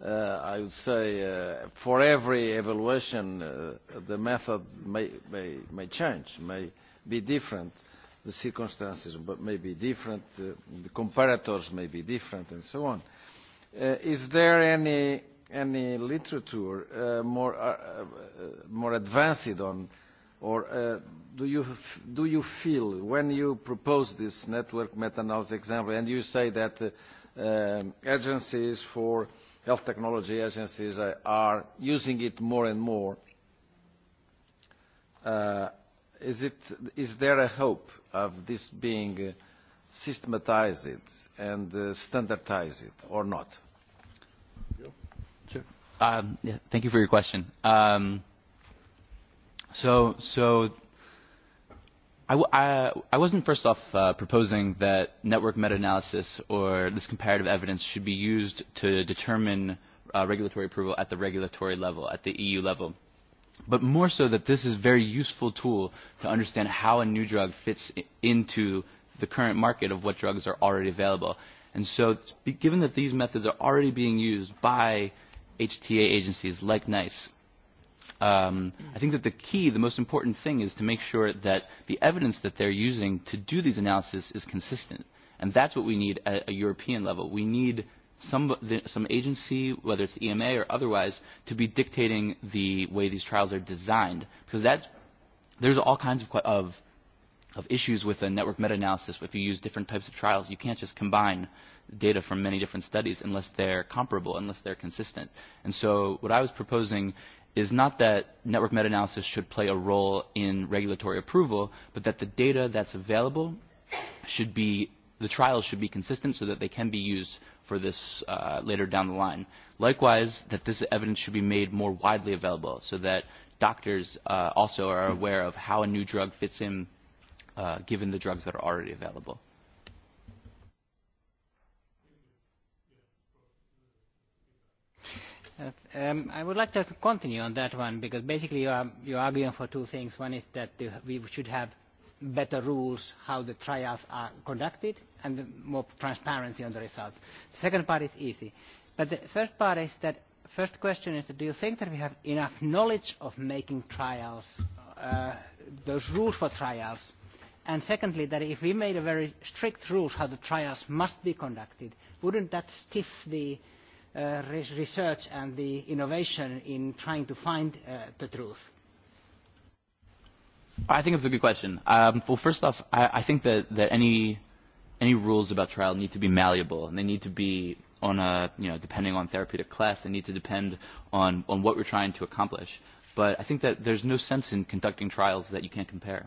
Uh, I would say uh, for every evaluation, uh, the method may, may, may change, may be different. The circumstances may be different, uh, the comparators may be different, and so on. Uh, is there any, any literature uh, more, uh, uh, more advanced on uh, or uh, do, you f do you feel when you propose this network meta-analysis example and you say that uh, um, agencies for health technology agencies uh, are using it more and more, uh, is, it, is there a hope of this being uh, systematized and uh, standardized or not? Sure. Um, yeah, thank you for your question. Um, So, so I, w I, I wasn't first off uh, proposing that network meta-analysis or this comparative evidence should be used to determine uh, regulatory approval at the regulatory level, at the EU level. But more so that this is a very useful tool to understand how a new drug fits into the current market of what drugs are already available. And so given that these methods are already being used by HTA agencies like NICE, um, I think that the key, the most important thing is to make sure that the evidence that they're using to do these analyses is consistent. And that's what we need at a European level. We need some, the, some agency, whether it's EMA or otherwise, to be dictating the way these trials are designed. Because that's, there's all kinds of, of of issues with a network meta-analysis if you use different types of trials. You can't just combine data from many different studies unless they're comparable, unless they're consistent. And so what I was proposing is not that network meta-analysis should play a role in regulatory approval, but that the data that's available should be, the trials should be consistent so that they can be used for this uh, later down the line. Likewise, that this evidence should be made more widely available so that doctors uh, also are aware of how a new drug fits in uh, given the drugs that are already available. Uh, um, I would like to continue on that one because basically you are, you're arguing for two things. One is that we should have better rules how the trials are conducted and more transparency on the results. The second part is easy. But the first part is that first question is that do you think that we have enough knowledge of making trials, uh, those rules for trials and secondly that if we made very strict rules on how the trials must be conducted would that not stiff the uh, research and the innovation in trying to find uh, the truth? I think it's a good question. Um, well, first off, I, I think that, that any any rules about trial need to be malleable and they need to be on a you know depending on therapeutic class they need to depend on on what we're trying to accomplish. But I think that there's no sense in conducting trials that you can't compare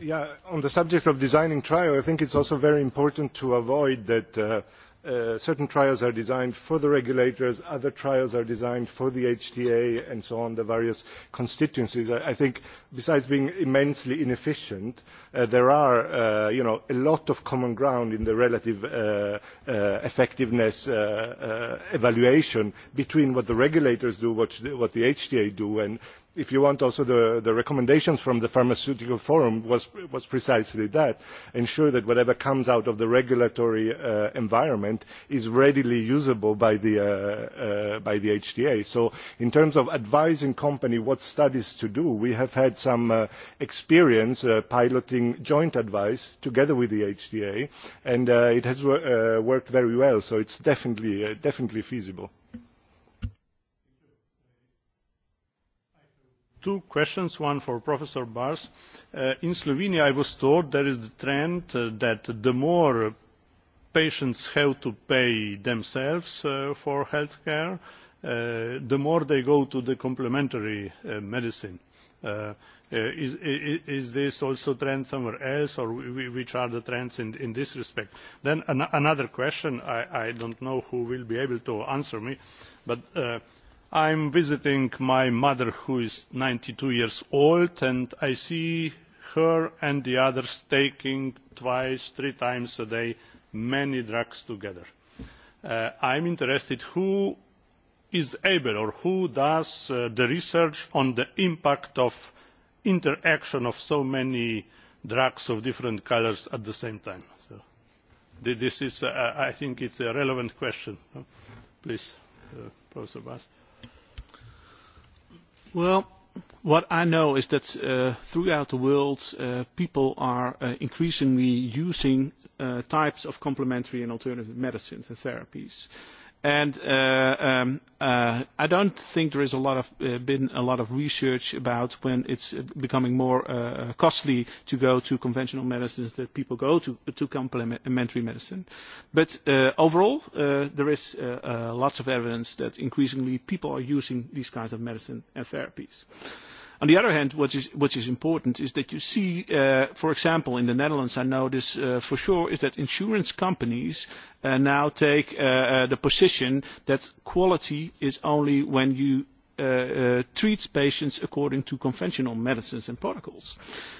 Yeah, on the subject of designing trials i think it is also very important to avoid that uh, uh, certain trials are designed for the regulators other trials are designed for the hta and so on the various constituencies. i, I think besides being immensely inefficient uh, there are uh, you know, a lot of common ground in the relative uh, uh, effectiveness evaluation between what the regulators do and what, what the hta do and if you want also the, the recommendations from the pharmaceutical forum was, was precisely that ensure that whatever comes out of the regulatory uh, environment is readily usable by the, uh, uh, by the HTA. So in terms of advising company what studies to do, we have had some uh, experience uh, piloting joint advice together with the HTA and uh, it has uh, worked very well. So it's definitely, uh, definitely feasible. Mm -hmm two questions one for professor bars. Uh, in slovenia i was told there is the trend uh, that the more patients have to pay themselves uh, for health care uh, the more they go to the complementary uh, medicine. Uh, is, is, is this also a trend somewhere else or which are the trends in, in this respect? then an another question i, I do not know who will be able to answer me but i am visiting my mother who is ninety two years old and i see her and the others taking twice three times a day many drugs together. Uh, i am interested in who is able or who does uh, the research on the impact of interaction of so many drugs of different colours at the same time. So, this is, uh, i think it is a relevant question. please professor uh, bas. Well, what I know is that uh, throughout the world, uh, people are uh, increasingly using uh, types of complementary and alternative medicines and therapies. Uh, And uh, um, uh, I don't think there is a lot of uh, been a lot of research about when it's uh, becoming more uh, costly to go to conventional medicines that people go to to complementary medicine. But uh, overall, uh, there is uh, uh, lots of evidence that increasingly people are using these kinds of medicine and therapies. Uh, On the other hand, what is, what is important is that you see, uh, for example, in the Netherlands, I know this uh, for sure, is that insurance companies uh, now take uh, uh, the position that quality is only when you uh, uh, treats patients according to conventional medicines and protocols.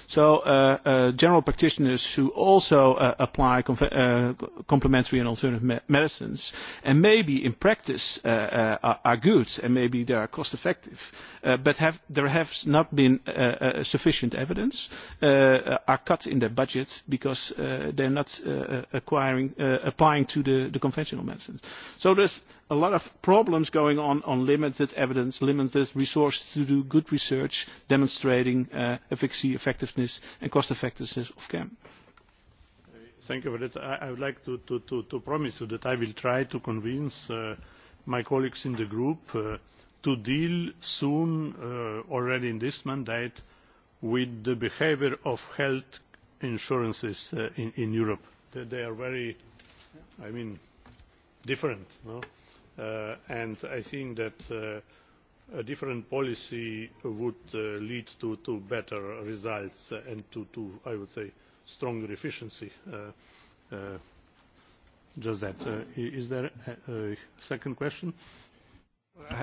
So uh, uh, general practitioners who also uh, apply conf- uh, complementary and alternative me- medicines and maybe in practice uh, uh, are, are good and maybe they are cost effective, uh, but have, there has not been uh, uh, sufficient evidence, uh, uh are cut in their budget because uh, they're not uh, uh, acquiring, uh, applying to the, the conventional medicines. So there's a lot of problems going on on limited evidence limited resources to do good research demonstrating uh, efficacy, effectiveness and cost effectiveness of CAM. Thank you for that. I, I would like to, to, to, to promise you that I will try to convince uh, my colleagues in the group uh, to deal soon, uh, already in this mandate, with the behaviour of health insurances uh, in, in Europe. They, they are very, I mean, different. No? Uh, and I think that uh, a different policy would uh, lead to, to better results and to, to i would say stronger efficiency. Uh, uh, just that. is there a second question?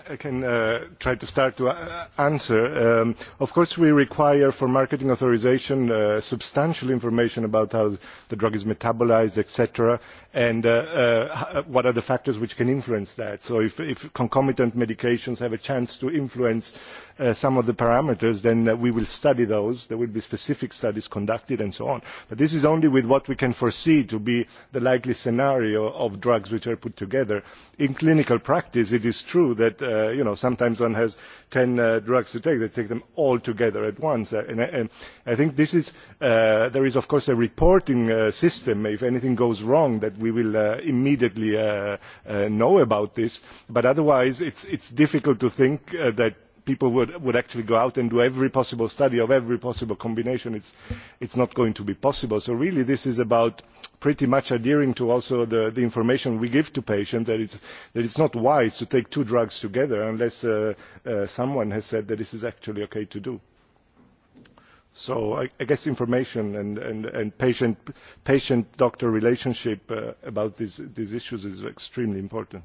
I can uh, try to start to uh, answer. Um, of course, we require for marketing authorization uh, substantial information about how the drug is metabolized, etc., and uh, uh, what are the factors which can influence that. So if, if concomitant medications have a chance to influence uh, some of the parameters, then uh, we will study those. There will be specific studies conducted and so on. But this is only with what we can foresee to be the likely scenario of drugs which are put together. In clinical practice, it is true that that uh, you know sometimes one has ten uh, drugs to take they take them all together at once uh, and, and i think this is uh, there is of course a reporting uh, system if anything goes wrong that we will uh, immediately uh, uh, know about this but otherwise it's it's difficult to think uh, that people would, would actually go out and do every possible study of every possible combination it is not going to be possible. so really this is about pretty much adhering to also the, the information we give to patients that it is not wise to take two drugs together unless uh, uh, someone has said that this is actually okay to do. so i, I guess information and, and, and patient, patient doctor relationship uh, about these, these issues is extremely important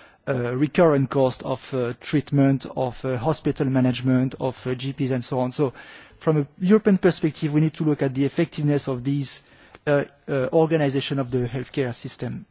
uh, recurrent cost of uh, treatment, of uh, hospital management, of uh, GPs and so on. So from a European perspective, we need to look at the effectiveness of these uh, uh, organization of the healthcare system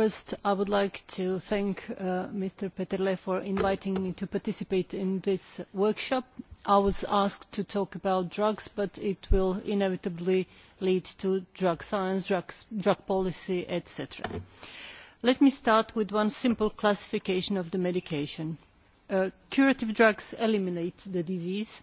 first i would like to thank uh, mr peterle for inviting me to participate in this workshop. i was asked to talk about drugs but it will inevitably lead to drug science drugs, drug policy etc. let me start with one simple classification of the medication. Uh, curative drugs eliminate the disease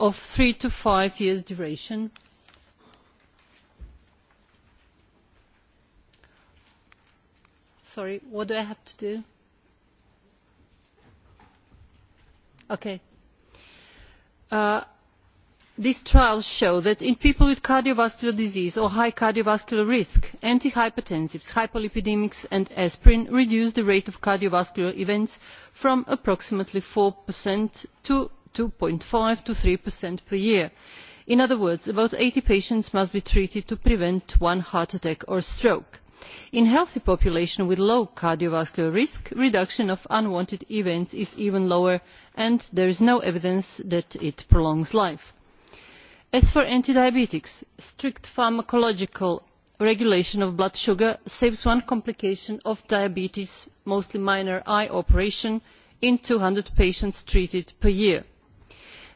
of three to five years duration. Sorry, what do I have to do? Okay. Uh, these trials show that in people with cardiovascular disease or high cardiovascular risk antihypertensives hypolipidemics and aspirin reduce the rate of cardiovascular events from approximately four to two five to three per year. in other words about eighty patients must be treated to prevent one heart attack or stroke. in a healthy population with low cardiovascular risk reduction of unwanted events is even lower and there is no evidence that it prolongs life. as for anti diabetics strict pharmacological regulation of blood sugar saves one complication of diabetes mostly minor eye operation in two hundred patients treated per year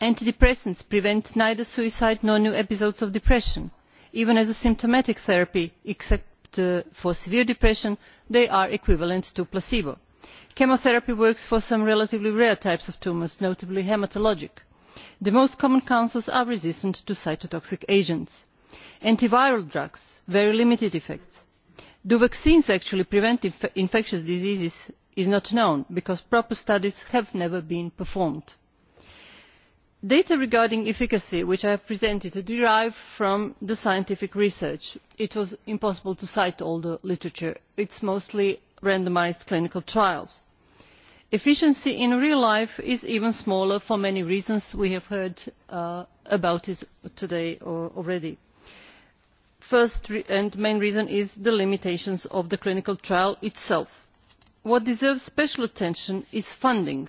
antidepressants prevent neither suicide nor new episodes of depression. even as a symptomatic therapy except uh, for severe depression they are equivalent to placebo. chemotherapy works for some relatively rare types of tumours notably hematologic. the most common cancers are resistant to cytotoxic agents. antiviral drugs very limited effects. do vaccines actually prevent inf infectious diseases is not known because proper studies have never been performed data regarding efficacy which i have presented are derived from scientific research. it was impossible to cite all the literature it is mostly randomised clinical trials. efficiency in real life is even smaller for many reasons we have heard uh, about it today already. the first and main reason is the limitations of the clinical trial itself. what deserves special attention is funding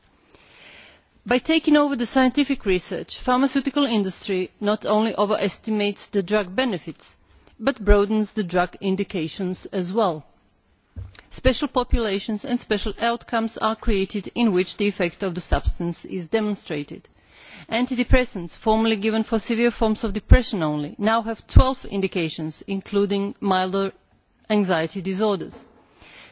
by taking over the scientific research the pharmaceutical industry not only overestimates the drug benefits but broadens the drug indications as well. special populations and special outcomes are created in which the effect of the substance is demonstrated. antidepressants formerly given for severe forms of depression only now have twelve indications including milder anxiety disorders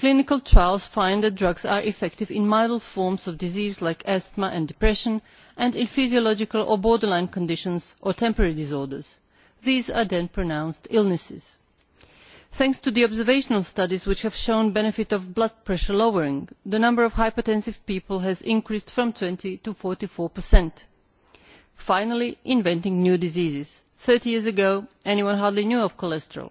clinical trials find that drugs are effective in mild forms of disease like asthma and depression and in physiological or borderline conditions or temporary disorders. these are then pronounced illnesses. thanks to the observational studies which have shown the benefit of blood pressure lowering the number of hypertensive people has increased from twenty to. forty four finally inventing new diseases. thirty years ago anyone hardly knew of cholesterol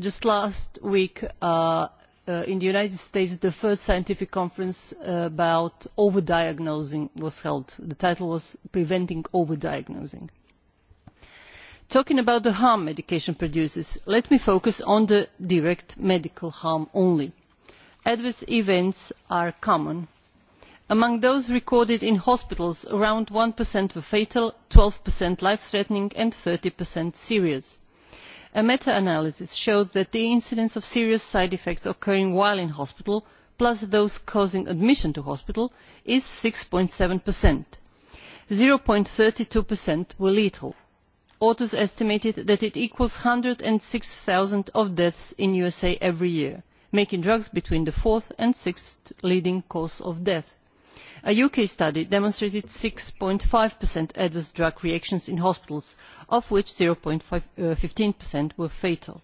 just last week uh, uh, in the united states the first scientific conference uh, about over diagnosing was held. the title was preventing over diagnosing. talking about the harm medication produces let me focus on the direct medical harm only. adverse events are common. among those recorded in hospitals around one were fatal twelve life threatening and thirty serious a meta analysis shows that the incidence of serious side effects occurring while in hospital plus those causing admission to hospital is. six seven zero thirty two were lethal. authors estimated that it equals one hundred and six zero deaths in the usa every year making drugs between the fourth and sixth leading cause of death a uk study demonstrated six five adverse drug reactions in hospitals of which. zero uh, fifteen were fatal.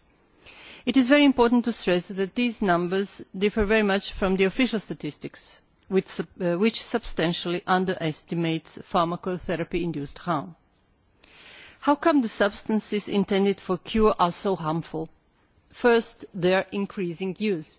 it is very important to stress that these numbers differ very much from the official statistics uh, which substantially underestimates pharmacotherapy induced harm. how come the substances intended for cure are so harmful? first their increasing use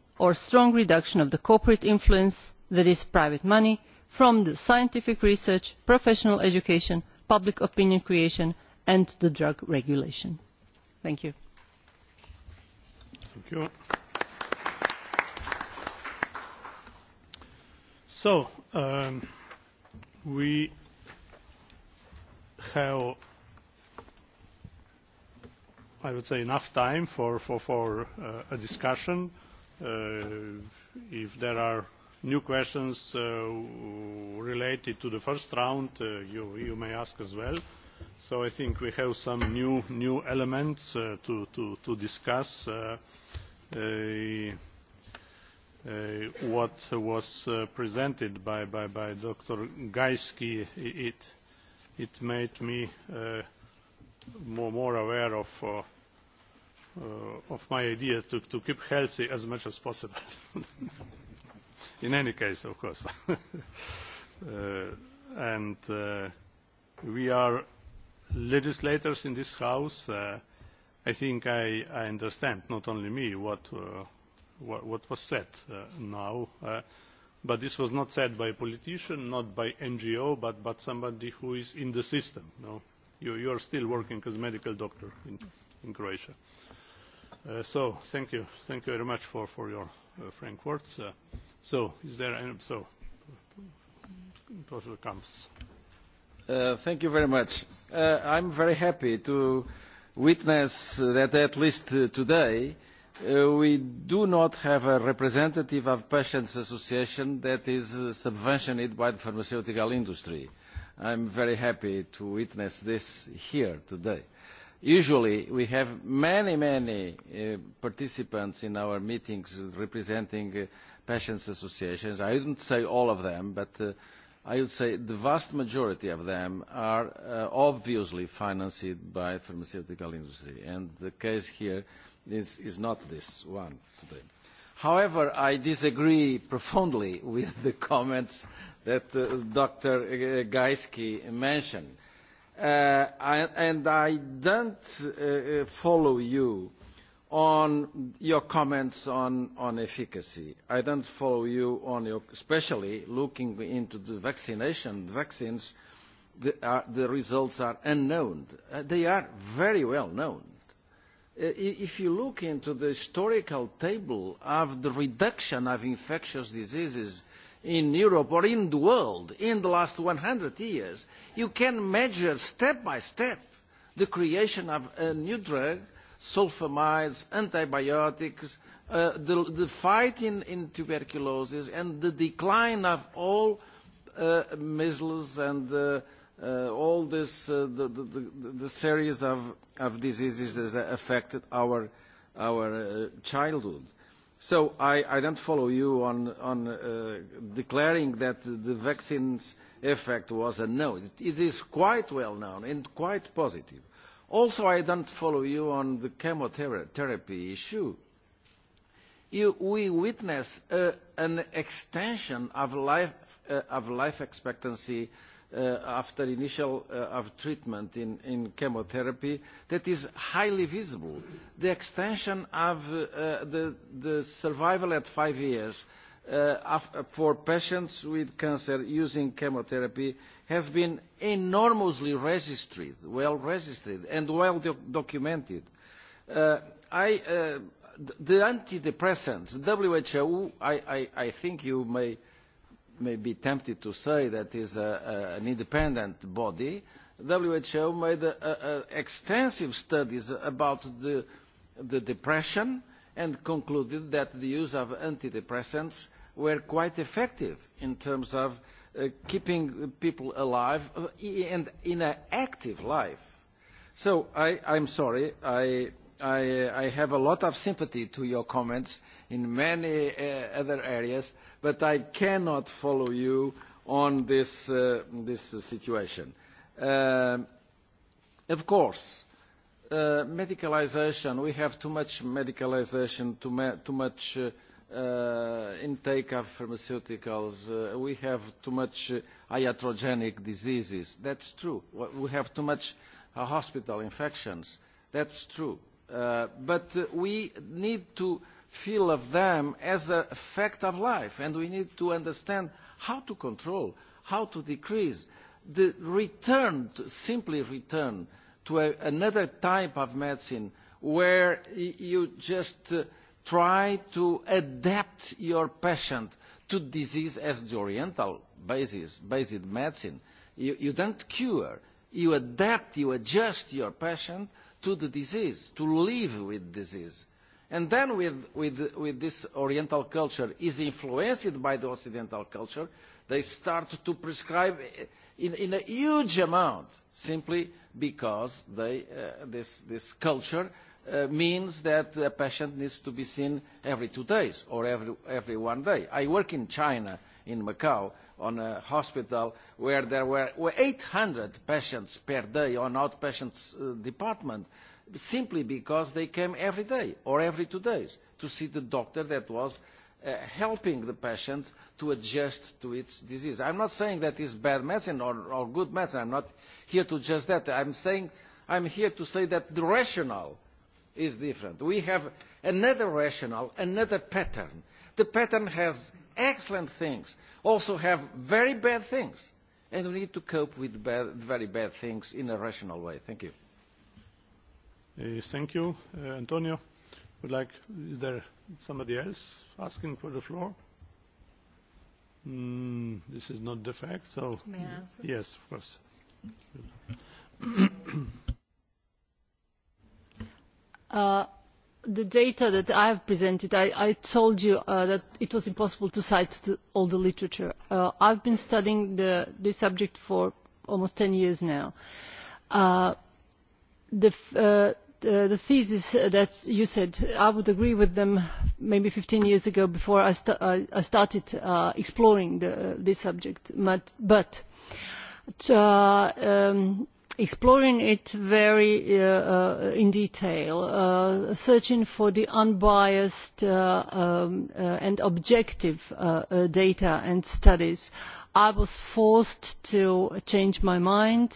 or strong reduction of the corporate influence that is private money from scientific research professional education public opinion creation and the drug regulation. thank you. Thank you. So, um, we have, I would say, enough time for, for, for uh, a discussion. Uh, Uh, if there are new questions uh, related to the first round uh, you, you may ask as well so i think we have some new, new elements to, to, to discuss Uh, what was uh, presented by, by, by Dr. Gajski, it, it made me uh, more, more aware of, of uh, of my idea to, to keep healthy as much as possible. in any case, of course. uh, and uh, we are legislators in this House. Uh, I think I, I understand, not only me, what, uh, what, what was said uh, now. Uh, but this was not said by a politician, not by NGO, but, but somebody who is in the system. No? You, you are still working as medical doctor in, in Croatia. Uh, Uh, so thank you thank you very much for for your uh, frank words uh, so is there any so professor Kamps. Uh, thank you very much uh, i'm very happy to witness that at least uh, today uh, we do not have a representative of patients association that is uh, subventioned by the pharmaceutical industry i'm very happy to witness this here today uh, usually we have many many uh, participants in our meetings representing uh, patients' associations. i would not say all of them but uh, i would say the vast majority of them are uh, obviously financed by the pharmaceutical industry and the case here is, is not this one today. however i disagree profoundly with the comments that uh, dr uh, gajski mentioned uh, I, and I don't uh, uh, follow you on your comments on, on efficacy. I don't follow you on your, especially looking into the vaccination, the vaccines, the, uh, the results are unknown. Uh, they are very well known. Uh, if you look into the historical table of the reduction of infectious diseases in Europe or in the world in the last 100 years, you can measure step by step the creation of a new drug, sulfamides, antibiotics, uh, the, the fight in, in tuberculosis and the decline of all uh, measles and uh, uh, all this, uh, the, the, the, the series of, of diseases that affected our, our uh, childhood. Uh, So I, I don't follow you on, on uh, declaring that the vaccine's effect was unknown. It, it is quite well known and quite positive. Also, I don't follow you on the chemotherapy issue. You, we witness uh, an extension of life, uh, of life expectancy uh, uh, after initial uh, of treatment in, in chemotherapy that is highly visible. The extension of uh, the, the survival at five years uh, af for patients with cancer using chemotherapy has been enormously registered, well registered and well doc documented. Uh, I, uh, the antidepressants, WHO, I, I, I think you may uh, may be tempted to say that is a, a, an independent body, WHO made a, a, a extensive studies about the, the depression and concluded that the use of antidepressants were quite effective in terms of uh, keeping people alive uh, and in an active life. So I, I'm sorry, I, I, I have a lot of sympathy to your comments in many uh, other areas, but I cannot follow you on this, uh, this uh, situation. Uh, of course, uh, medicalization, we have too much medicalization, too, ma too much uh, uh, intake of pharmaceuticals, uh, we have too much uh, iatrogenic diseases. That's true. We have too much uh, hospital infections. That's true. Uh, Uh, but uh, we need to feel of them as a fact of life, and we need to understand how to control, how to decrease. The return, to, simply return to a, another type of medicine where you just uh, try to adapt your patient to disease as the oriental basis, basic medicine. You, you don't cure, you adapt, you adjust your patient uh, to the disease, to live with disease. And then with, with, with this Oriental culture is influenced by the Occidental culture, they start to prescribe in, in a huge amount simply because they, uh, this, this culture uh, means that a patient needs to be seen every two days or every, every one day. I work in China in Macau on a hospital where there were 800 patients per day on outpatients uh, department simply because they came every day or every two days to see the doctor that was uh, helping the patient to adjust to its disease. I'm not saying that is bad medicine or, or good medicine. I'm not here to judge that. I'm, saying, I'm here to say that the rationale is different. We have another rationale, another pattern. The pattern has excellent things also have very bad things and we need to cope with bad, very bad things in a rational way. Thank you. Uh, thank you, uh, Antonio. Would like, is there somebody else asking for the floor? Mm, this is not the fact, so May I answer? yes, of course. uh, the data that i have presented i, I told you uh, that it was impossible to cite the, all the literature. Uh, i have been studying the, this subject for almost ten years now. Uh, the, uh, the, the thesis that you said i would agree with them maybe fifteen years ago before i, st I, I started uh, exploring uh, this subject but, but um, exploring it very uh, uh, in detail, uh, searching for the unbiased uh, um, uh, and objective uh, uh, data and studies, I was forced to change my mind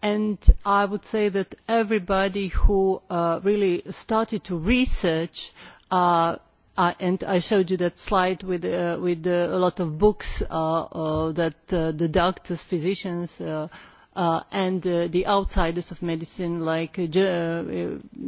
and I would say that everybody who uh, really started to research uh, Uh, and I showed you that slide with, uh, with uh, a lot of books uh, uh, that uh, the doctors, physicians, uh, uh, and uh, the outsiders of medicine like uh, ju- uh,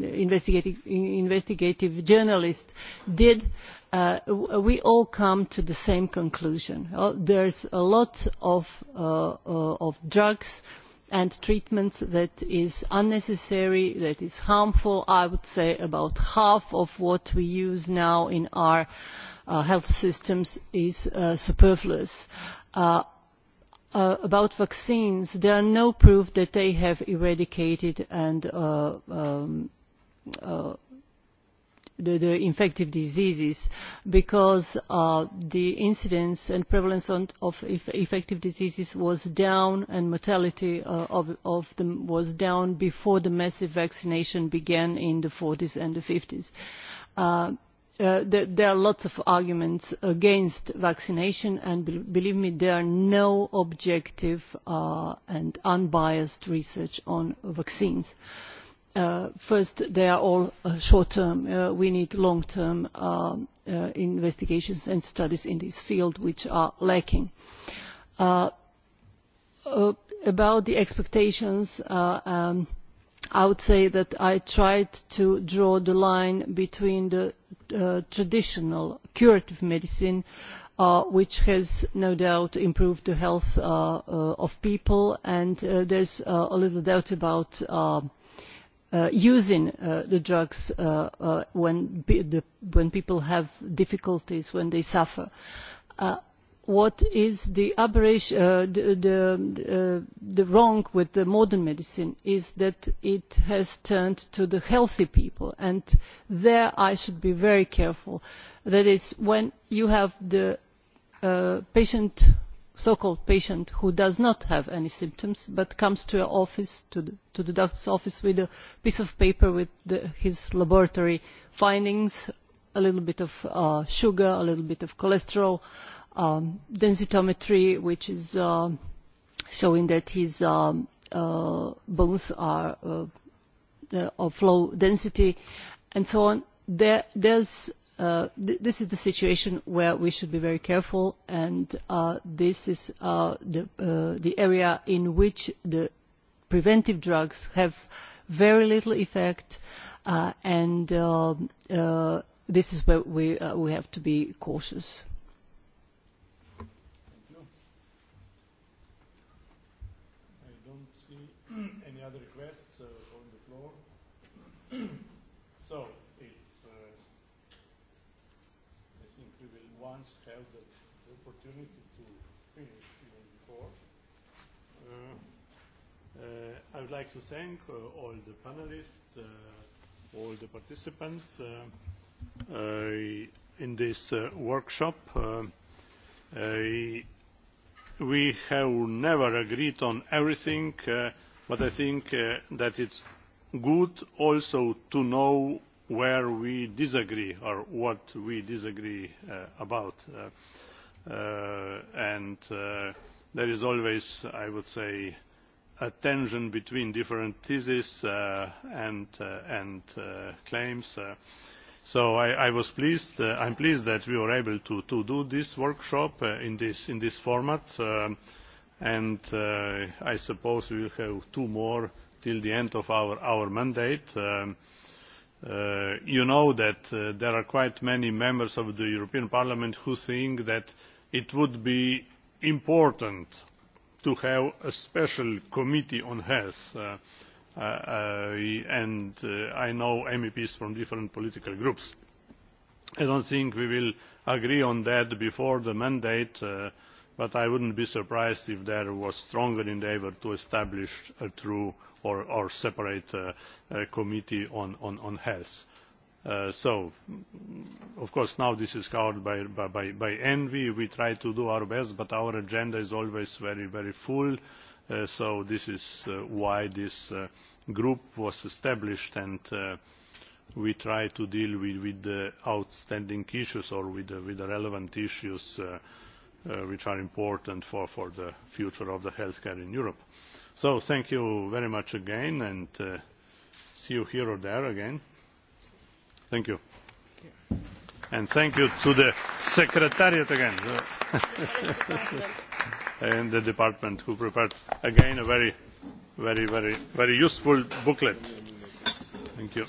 investigative, investigative journalists did, uh, we all come to the same conclusion. Uh, there's a lot of, uh, uh, of drugs and treatments that is unnecessary, that is harmful. I would say about half of what we use now in our uh, health systems is uh, superfluous. Uh, Uh, about vaccines, there are no proof that they have eradicated and uh, um, uh, the, the infective diseases because uh, the incidence and prevalence on, of if, infective diseases was down and mortality uh, of, of them was down before the massive vaccination began in the 40s and the 50s. Uh, Uh, there, there are lots of arguments against vaccination and be believe me there is no objective uh, and unbiased research on vaccines. Uh, first they are all uh, short term uh, we need long term um, uh, investigations and studies in this field which are lacking. about the expectations um, I would say that I tried to draw the line between the uh, traditional curative medicine, uh, which has no doubt improved the health uh, uh, of people, and uh, there's uh, a little doubt about uh, uh, using uh, the drugs uh, uh, when, be the, when people have difficulties, when they suffer. Uh, what is the aberration, uh, the, the, uh, the wrong with the modern medicine is that it has turned to the healthy people. And there I should be very careful. That is, when you have the uh, patient, so-called patient, who does not have any symptoms, but comes to your office, to the, to the doctor's office with a piece of paper with the, his laboratory findings, a little bit of uh, sugar, a little bit of cholesterol, uh, um, densitometry, which is uh, showing that his um, uh, bones are uh, the, uh, of low density, and so on. There, there's, uh, th this is the situation where we should be very careful, and uh, this is uh, the, uh, the area in which the preventive drugs have very little effect, uh, and uh, uh, this is where we, uh, we have to be cautious. once have the, the opportunity to finish even before. Uh, uh, I would like to thank uh, all the panelists, uh, all the participants uh, uh, in this uh, workshop. Uh, uh, we have never agreed on everything, uh, but I think uh, that it's good also to know where we disagree or what we disagree uh, about. Uh, uh, and uh, there is always, I would say, a tension between different theses uh, and, uh, and uh, claims. Uh, so I, I was pleased, uh, I'm pleased that we were able to, to do this workshop uh, in, this, in this format. Um, and uh, I suppose we will have two more till the end of our, our mandate. Um, uh, Uh, you know that uh, there are quite many members of the european parliament who think that it would be important to have a special committee on health uh, uh, uh and uh, i know meps from different political groups. i do not think we will agree on that before the mandate but i would not be surprised if there was a stronger endeavour to establish a true or, or separate uh, uh, committee on, on, on health. Uh, so of course now this is covered by, by, by envi we try to do our best but our agenda is always very very full uh, so this is uh, why this uh, group was established and uh, we try to deal with, with the outstanding issues or with the, with the relevant issues uh, uh, which are important for, for the future of the healthcare in Europe. So thank you very much again and uh, see you here or there again. Thank you. Thank you. And thank you to the Secretariat again and the Department who prepared again a very, very, very, very useful booklet. Thank you.